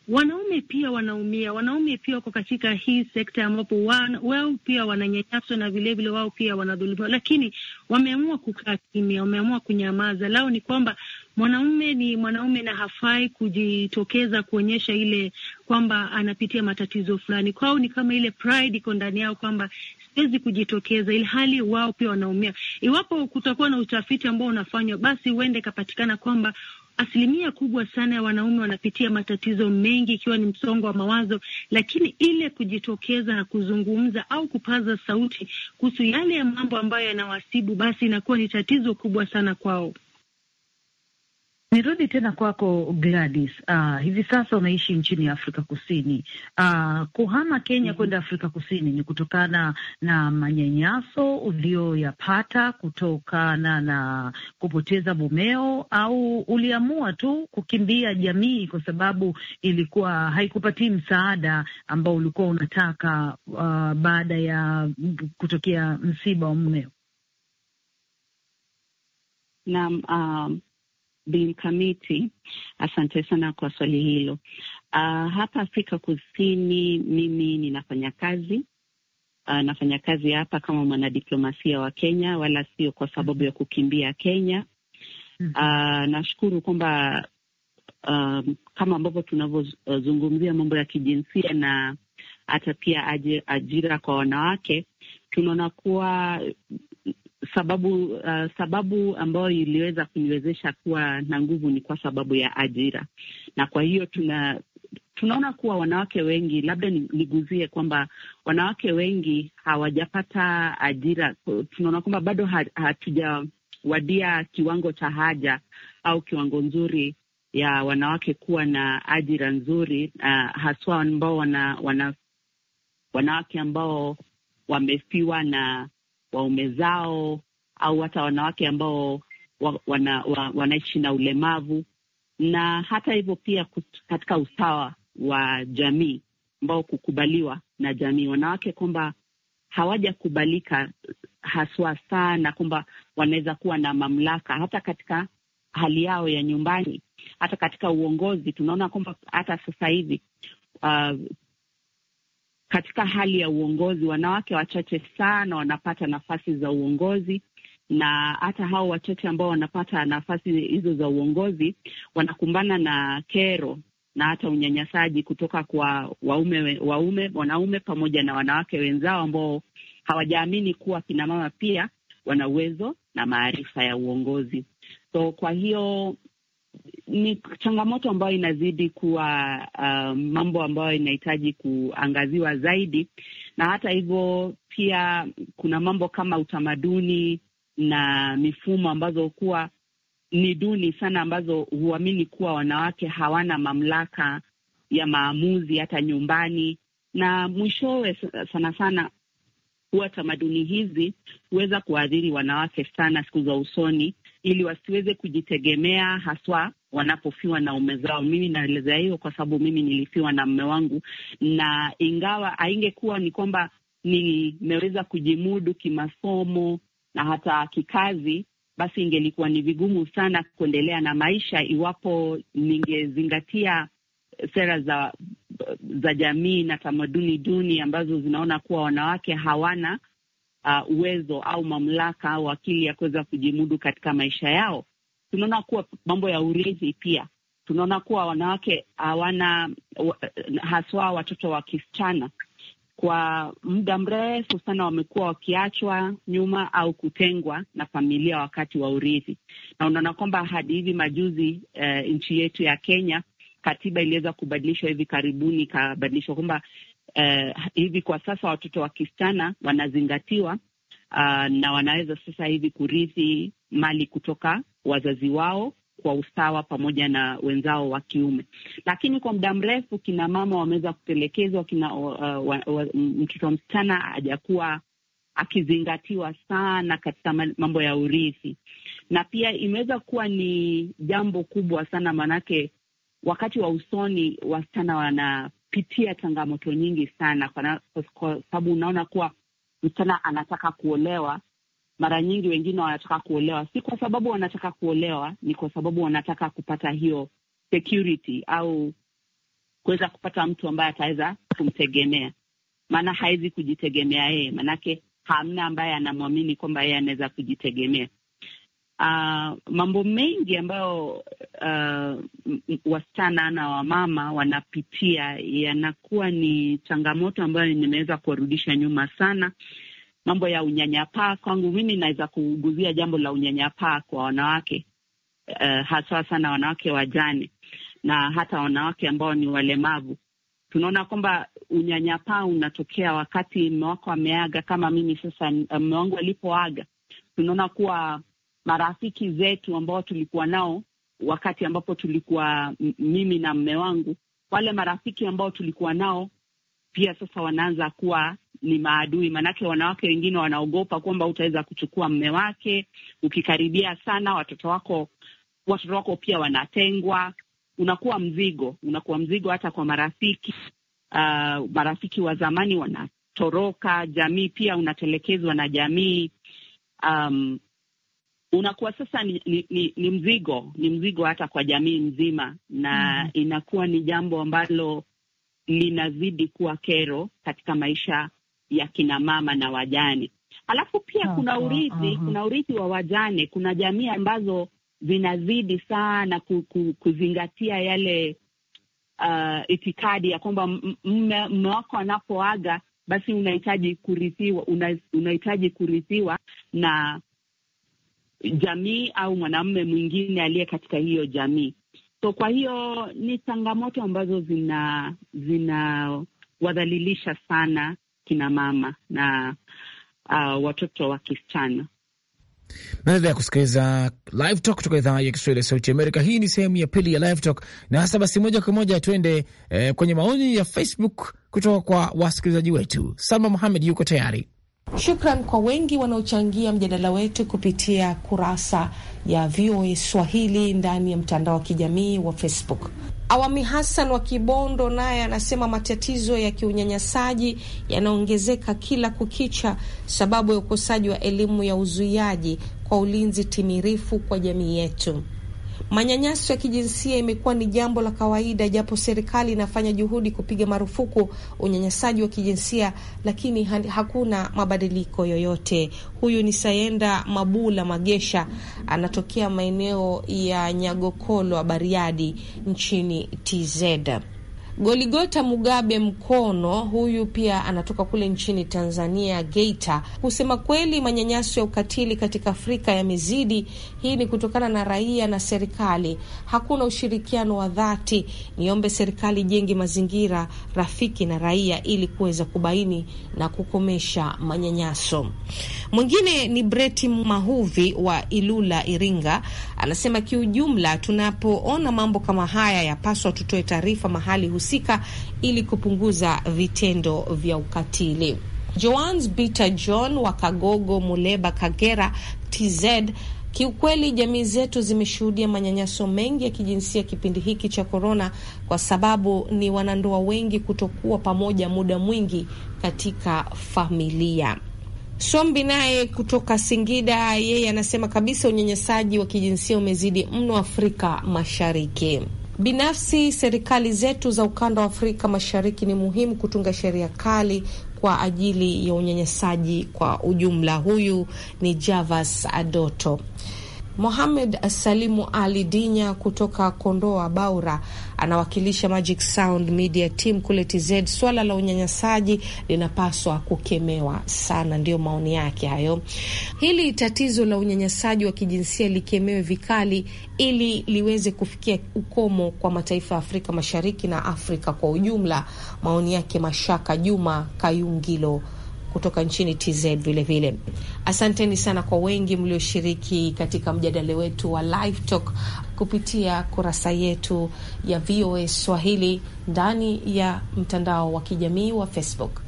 Wanaume pia wanaumia, wanaume pia wako katika hii sekta ambapo wao pia wananyanyaswa na vilevile wao pia wanadhulumiwa, lakini wameamua kukaa kimya, wameamua kunyamaza. Lao ni kwamba mwanaume ni mwanaume na hafai kujitokeza kuonyesha ile kwamba anapitia matatizo fulani. Kwao ni kama ile pride iko ndani yao kwamba siwezi kujitokeza, ili hali wao pia wanaumia. Iwapo kutakuwa na utafiti ambao unafanywa, basi huende ikapatikana kwamba asilimia kubwa sana ya wanaume wanapitia matatizo mengi, ikiwa ni msongo wa mawazo, lakini ile kujitokeza na kuzungumza au kupaza sauti kuhusu yale ya mambo ambayo yanawasibu, basi inakuwa ni tatizo kubwa sana kwao. Nirudi tena kwako Gladys. Uh, hivi sasa unaishi nchini Afrika Kusini. Uh, kuhama Kenya mhm. kwenda Afrika Kusini ni kutokana na manyanyaso uliyoyapata kutokana na kupoteza mumeo, au uliamua tu kukimbia jamii kwa sababu ilikuwa haikupatii msaada ambao ulikuwa unataka, uh, baada ya kutokea msiba wa mumeo? Naam, um... Bi Mkamiti, asante sana kwa swali hilo. Uh, hapa Afrika Kusini mimi ninafanya kazi uh, nafanya kazi hapa kama mwanadiplomasia wa Kenya, wala sio kwa sababu ya kukimbia Kenya. Uh, nashukuru kwamba um, kama ambavyo tunavyozungumzia mambo ya kijinsia na hata pia ajira, ajira kwa wanawake tunaona kuwa sababu uh, sababu ambayo iliweza kuniwezesha kuwa na nguvu ni kwa sababu ya ajira, na kwa hiyo tuna tunaona kuwa wanawake wengi, labda niguzie kwamba wanawake wengi hawajapata ajira. Tunaona kwamba bado hatujawadia kiwango cha haja au kiwango nzuri ya wanawake kuwa na ajira nzuri, uh, haswa ambao wana, wana wanawake ambao wamefiwa na waume zao au hata wanawake ambao wana, wana, wanaishi na ulemavu, na hata hivyo pia katika usawa wa jamii ambao kukubaliwa na jamii, wanawake kwamba hawajakubalika haswa sana, kwamba wanaweza kuwa na mamlaka hata katika hali yao ya nyumbani, hata katika uongozi. Tunaona kwamba hata sasa hivi uh, katika hali ya uongozi, wanawake wachache sana wanapata nafasi za uongozi na hata hao wachache ambao wanapata nafasi hizo za uongozi wanakumbana na kero na hata unyanyasaji kutoka kwa waume waume wanaume pamoja na wanawake wenzao ambao hawajaamini kuwa kinamama pia wana uwezo na maarifa ya uongozi. So kwa hiyo ni changamoto ambayo inazidi kuwa uh, mambo ambayo inahitaji kuangaziwa zaidi, na hata hivyo pia kuna mambo kama utamaduni na mifumo ambazo kuwa ni duni sana, ambazo huamini kuwa wanawake hawana mamlaka ya maamuzi hata nyumbani, na mwishowe sana sana huwa tamaduni hizi huweza kuathiri wanawake sana siku za usoni ili wasiweze kujitegemea haswa wanapofiwa na ume zao. Mimi naelezea hiyo kwa sababu mimi nilifiwa na mme wangu, na ingawa aingekuwa ni kwamba nimeweza kujimudu kimasomo na hata kikazi, basi ingelikuwa ni vigumu sana kuendelea na maisha iwapo ningezingatia sera za za jamii na tamaduni duni ambazo zinaona kuwa wanawake hawana uh, uwezo au mamlaka au akili ya kuweza kujimudu katika maisha yao. Tunaona kuwa mambo ya urithi pia tunaona kuwa wanawake hawana haswa watoto wa kisichana kwa muda mrefu sana wamekuwa wakiachwa nyuma au kutengwa na familia wakati wa urithi, na unaona kwamba hadi hivi majuzi eh, nchi yetu ya Kenya katiba iliweza kubadilishwa hivi karibuni, ikabadilishwa kwamba eh, hivi kwa sasa watoto wa kisichana wanazingatiwa uh, na wanaweza sasa hivi kurithi mali kutoka wazazi wao kwa usawa pamoja na wenzao wa kiume. Lakini kwa muda mrefu kina mama wameweza kupelekezwa kina uh, mtoto wa msichana hajakuwa akizingatiwa sana katika mambo ya urithi, na pia imeweza kuwa ni jambo kubwa sana, maanake wakati wa usoni wasichana wana pitia changamoto nyingi sana, kwa sababu unaona kuwa msichana anataka kuolewa. Mara nyingi wengine wanataka kuolewa si kwa sababu wanataka kuolewa, ni kwa sababu wanataka kupata hiyo security au kuweza kupata mtu ambaye ataweza kumtegemea, maana hawezi kujitegemea yeye, maanake hamna ambaye anamwamini kwamba yeye anaweza kujitegemea. Uh, mambo mengi ambayo uh, wasichana na wamama wanapitia yanakuwa ni changamoto ambayo nimeweza kuwarudisha nyuma sana. Mambo ya unyanyapaa, kwangu mimi naweza kuguzia jambo la unyanyapaa kwa wanawake uh, haswa sana wanawake wajane na hata wanawake ambao ni walemavu. Tunaona kwamba unyanyapaa unatokea wakati mmewako wako ameaga, kama mimi sasa mume wangu alipoaga, tunaona kuwa marafiki zetu ambao tulikuwa nao wakati ambapo tulikuwa mimi na mme wangu, wale marafiki ambao tulikuwa nao pia sasa wanaanza kuwa ni maadui, maanake wanawake wengine wanaogopa kwamba utaweza kuchukua mme wake, ukikaribia sana watoto wako, watoto wako pia wanatengwa, unakuwa mzigo, unakuwa mzigo hata kwa marafiki. Uh, marafiki wa zamani wanatoroka, jamii pia unatelekezwa na jamii. Um, unakuwa sasa ni, ni, ni, ni mzigo ni mzigo hata kwa jamii nzima, na mm. inakuwa ni jambo ambalo linazidi kuwa kero katika maisha ya kina mama na wajane. Alafu pia okay, ah, kuna ah, urithi uh ah. -huh. kuna urithi wa wajane. Kuna jamii ambazo zinazidi sana ku, ku, kuzingatia yale uh, itikadi ya kwamba mme wako anapoaga basi unahitaji kurithiwa, unahitaji kurithiwa na jamii au mwanamume mwingine aliye katika hiyo jamii. So kwa hiyo ni changamoto ambazo zina zinawadhalilisha sana kina mama na uh, watoto wa kisichana. Naendelea kusikiliza Live Talk kutoka idhaa ya Kiswahili ya Sauti Amerika. Hii ni sehemu ya pili ya Live Talk na sasa basi, moja kwa moja tuende eh, kwenye maoni ya Facebook kutoka kwa wasikilizaji wetu. Salma Muhamed yuko tayari. Shukran kwa wengi wanaochangia mjadala wetu kupitia kurasa ya VOA Swahili ndani ya mtandao wa kijamii wa Facebook. Awami Hassan wa Kibondo naye anasema matatizo ya kiunyanyasaji yanaongezeka kila kukicha, sababu ya ukosaji wa elimu ya uzuiaji kwa ulinzi timirifu kwa jamii yetu. Manyanyaso ya kijinsia imekuwa ni jambo la kawaida, japo serikali inafanya juhudi kupiga marufuku unyanyasaji wa kijinsia, lakini hakuna mabadiliko yoyote. Huyu ni Sayenda Mabula Magesha, anatokea maeneo ya Nyagokolo, Bariadi nchini TZ. Goligota Mugabe Mkono, huyu pia anatoka kule nchini Tanzania, Geita, kusema kweli manyanyaso ya ukatili katika Afrika yamezidi. Hii ni kutokana na raia na serikali, hakuna ushirikiano wa dhati. Niombe serikali ijenge mazingira rafiki na raia ili kuweza kubaini na kukomesha manyanyaso. Mwingine ni Breti Mahuvi wa Ilula, Iringa, anasema kiujumla, tunapoona mambo kama haya yapaswa tutoe taarifa mahali husika husika ili kupunguza vitendo vya ukatili. Joans Bita John wa Kagogo, Muleba, Kagera, TZ Kiukweli, jamii zetu zimeshuhudia manyanyaso mengi ya kijinsia kipindi hiki cha korona, kwa sababu ni wanandoa wengi kutokuwa pamoja muda mwingi katika familia. Sombi naye kutoka Singida, yeye anasema kabisa unyanyasaji wa kijinsia umezidi mno Afrika Mashariki. Binafsi, serikali zetu za ukanda wa Afrika Mashariki ni muhimu kutunga sheria kali kwa ajili ya unyanyasaji kwa ujumla. Huyu ni Javas Adoto. Mohamed Salimu Ali Dinya kutoka Kondoa Baura anawakilisha Magic Sound Media Team kule TZ. Swala la unyanyasaji linapaswa kukemewa sana, ndio maoni yake hayo. Hili tatizo la unyanyasaji wa kijinsia likemewe vikali ili liweze kufikia ukomo kwa mataifa ya Afrika Mashariki na Afrika kwa ujumla. Maoni yake Mashaka Juma Kayungilo kutoka nchini TZ vilevile vile. Asanteni sana kwa wengi mlioshiriki katika mjadala wetu wa Live Talk kupitia kurasa yetu ya VOA Swahili ndani ya mtandao wa kijamii wa Facebook.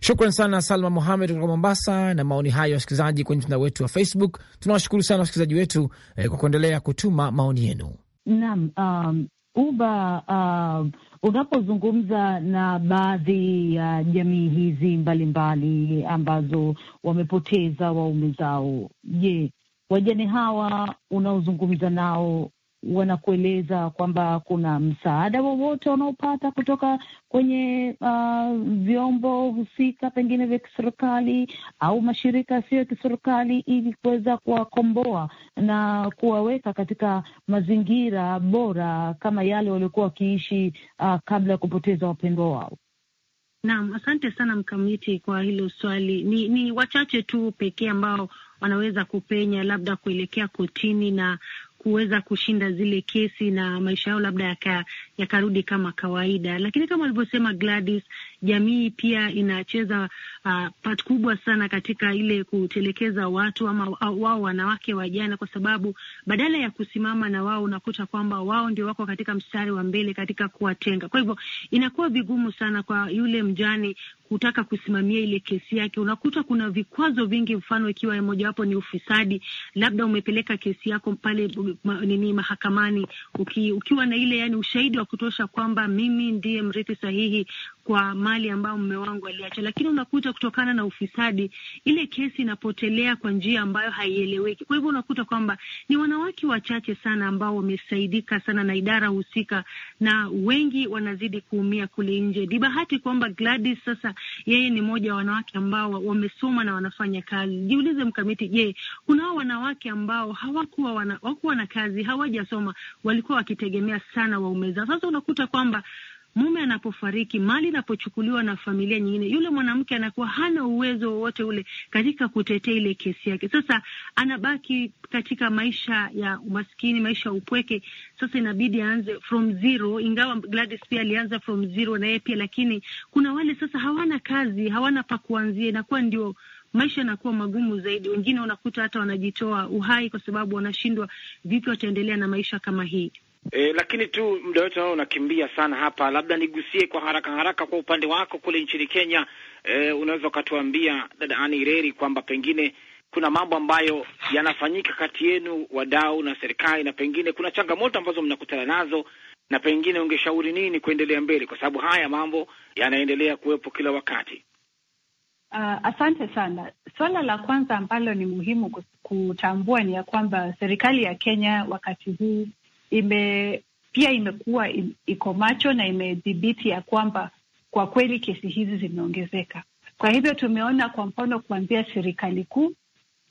Shukran sana Salma muhamed kutoka Mombasa na maoni hayo ya wasikilizaji kwenye mtandao wetu wa Facebook. Tunawashukuru sana wasikilizaji wetu eh, kwa kuendelea kutuma maoni yenu. Naam, um, uba um, unapozungumza na baadhi ya uh, jamii hizi mbalimbali mbali ambazo wamepoteza waume zao, je, wajane hawa unaozungumza nao wanakueleza kwamba kuna msaada wowote wanaopata kutoka kwenye uh, vyombo husika pengine vya kiserikali au mashirika yasiyo ya kiserikali ili kuweza kuwakomboa na kuwaweka katika mazingira bora kama yale waliokuwa wakiishi uh, kabla ya kupoteza wapendwa wao? Naam, asante sana Mkamiti kwa hilo swali. Ni, ni wachache tu pekee ambao wanaweza kupenya labda kuelekea kotini na kuweza kushinda zile kesi na maisha yao labda yakarudi yaka kama kawaida. Lakini kama alivyosema Gladys, jamii pia inacheza uh, part kubwa sana katika ile kutelekeza watu ama uh, wao wanawake wajana, kwa sababu badala ya kusimama na wao unakuta kwamba wao ndio wako katika mstari wa mbele katika kuwatenga. Kwa hivyo inakuwa vigumu sana kwa yule mjane kutaka kusimamia ile kesi yake. Unakuta kuna vikwazo vingi, mfano ikiwa mojawapo ni ufisadi, labda umepeleka kesi yako pale ma, nini mahakamani uki, ukiwa na ile yani ushahidi wa kutosha kwamba mimi ndiye mrithi sahihi kwa mali ambayo mume wangu aliacha, lakini unakuta kutokana na ufisadi ile kesi inapotelea kwa njia ambayo haieleweki. Kwa hivyo unakuta kwamba ni wanawake wachache sana ambao wamesaidika sana na idara husika, na wengi wanazidi kuumia kule nje. Ni bahati kwamba Gladys sasa yeye ni mmoja wa wanawake ambao wamesoma na wanafanya kazi. Jiulize mkamiti, je, kuna wanawake ambao hawakuwa wana, hawakuwa na kazi, hawajasoma, walikuwa wakitegemea sana waume zao. Sasa unakuta kwamba mume anapofariki, mali inapochukuliwa na familia nyingine, yule mwanamke anakuwa hana uwezo wowote ule katika kutetea ile kesi yake. Sasa anabaki katika maisha ya umaskini, maisha ya upweke. Sasa inabidi aanze from zero, ingawa Gladys pia alianza from zero na yeye pia, lakini kuna wale sasa hawana kazi, hawana pa kuanzia, inakuwa ndio maisha yanakuwa magumu zaidi. Wengine unakuta hata wanajitoa uhai kwa sababu wanashindwa vipi wataendelea na maisha kama hii. E, lakini tu muda wote wao unakimbia sana hapa, labda nigusie kwa haraka haraka kwa upande wako kule nchini Kenya. E, unaweza ukatuambia dada Ani Reri kwamba pengine kuna mambo ambayo yanafanyika kati yenu wadau na serikali, na pengine kuna changamoto ambazo mnakutana nazo, na pengine ungeshauri nini kuendelea mbele, kwa sababu haya mambo yanaendelea kuwepo kila wakati. Uh, asante sana. Swala la kwanza ambalo ni muhimu kutambua ni ya kwamba serikali ya Kenya wakati huu ime pia imekuwa iko macho na imedhibiti ya kwamba kwa kweli kesi hizi zimeongezeka. Kwa hivyo tumeona kwa mfano kuanzia serikali kuu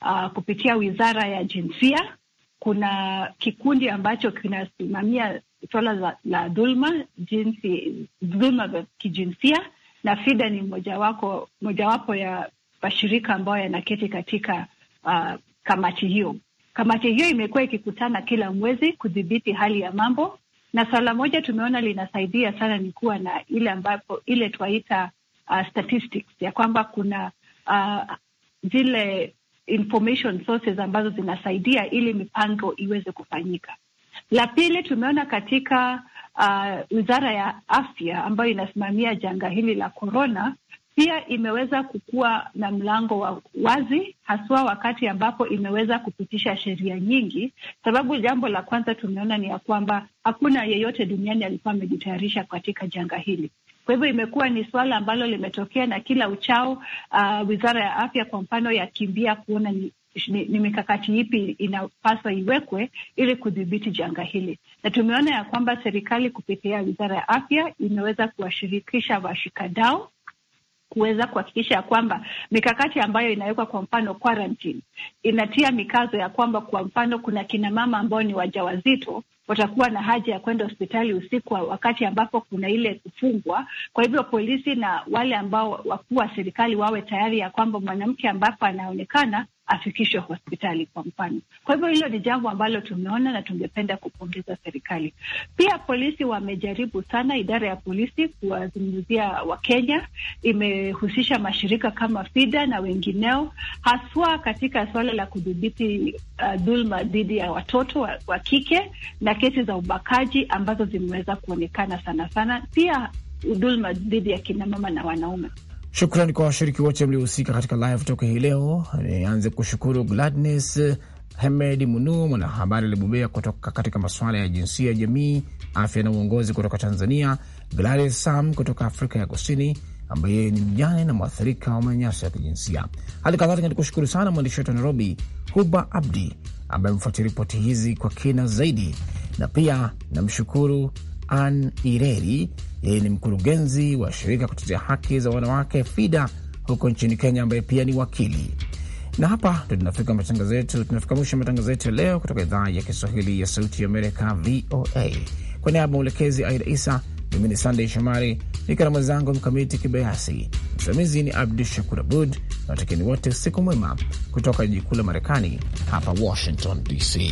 uh, kupitia wizara ya jinsia, kuna kikundi ambacho kinasimamia swala la dhulma jinsi dhulma za kijinsia, na FIDA ni mojawapo ya mashirika ambayo yanaketi katika uh, kamati hiyo. Kamati hiyo imekuwa ikikutana kila mwezi kudhibiti hali ya mambo, na swala moja tumeona linasaidia sana ni kuwa na ile ambapo ile twaita uh, statistics ya kwamba kuna uh, zile information sources ambazo zinasaidia ili mipango iweze kufanyika. La pili tumeona katika uh, wizara uh, ya afya ambayo inasimamia janga hili la korona pia imeweza kukuwa na mlango wa wazi, haswa wakati ambapo imeweza kupitisha sheria nyingi, sababu jambo la kwanza tumeona ni ya kwamba hakuna yeyote duniani alikuwa amejitayarisha katika janga hili. Kwa hivyo imekuwa ni suala ambalo limetokea na kila uchao, uh, wizara ya afya kwa mfano yakimbia kuona ni ni, ni mikakati ipi inapaswa iwekwe ili kudhibiti janga hili, na tumeona ya kwamba serikali kupitia wizara ya afya imeweza kuwashirikisha washikadau kuweza kuhakikisha ya kwamba mikakati ambayo inawekwa, kwa mfano quarantine, inatia mikazo ya kwamba, kwa mfano, kuna kinamama ambao ni wajawazito watakuwa na haja ya kwenda hospitali usiku wakati ambapo kuna ile kufungwa. Kwa hivyo polisi na wale ambao wakuu wa serikali wawe tayari ya kwamba mwanamke ambapo anaonekana afikishwe hospitali kwa mfano. Kwa hivyo hilo ni jambo ambalo tumeona na tungependa kupongeza serikali. Pia polisi wamejaribu sana, idara ya polisi kuwazungumzia Wakenya, imehusisha mashirika kama FIDA na wengineo, haswa katika suala la kudhibiti uh, dhulma dhidi ya watoto wa, wa kike na kesi za ubakaji ambazo zimeweza kuonekana sana sana, pia dhulma dhidi ya kinamama na wanaume. Shukrani kwa washiriki wote mliohusika katika live toka hii leo. Nianze kushukuru Gladness hemed Munu, mwanahabari alibobea kutoka katika masuala ya jinsia ya jamii, afya na uongozi kutoka Tanzania, Gladys Sam kutoka Afrika ya Kusini ambaye ni mjane na mwathirika wa manyanyaso ya kijinsia. Hali kadhalika ni kushukuru sana mwandishi wetu wa Nairobi, Huba Abdi, ambaye amefuatia ripoti hizi kwa kina zaidi, na pia namshukuru Ann Ireri, yeye ni mkurugenzi wa shirika kutetea haki za wanawake FIDA huko nchini Kenya, ambaye pia ni wakili. Na hapa ndo tunafika matangazo yetu, tunafika mwisho matangazo yetu ya leo kutoka idhaa ya Kiswahili ya Sauti ya Amerika, VOA. Kwa niaba ya mwelekezi Aida Isa, mimi ni Sandey Shomari nikana mwenzangu Mkamiti Kibayasi, msimamizi ni Abdu Shakur Abud na wote siku mwema kutoka jiji kuu la Marekani, hapa Washington DC.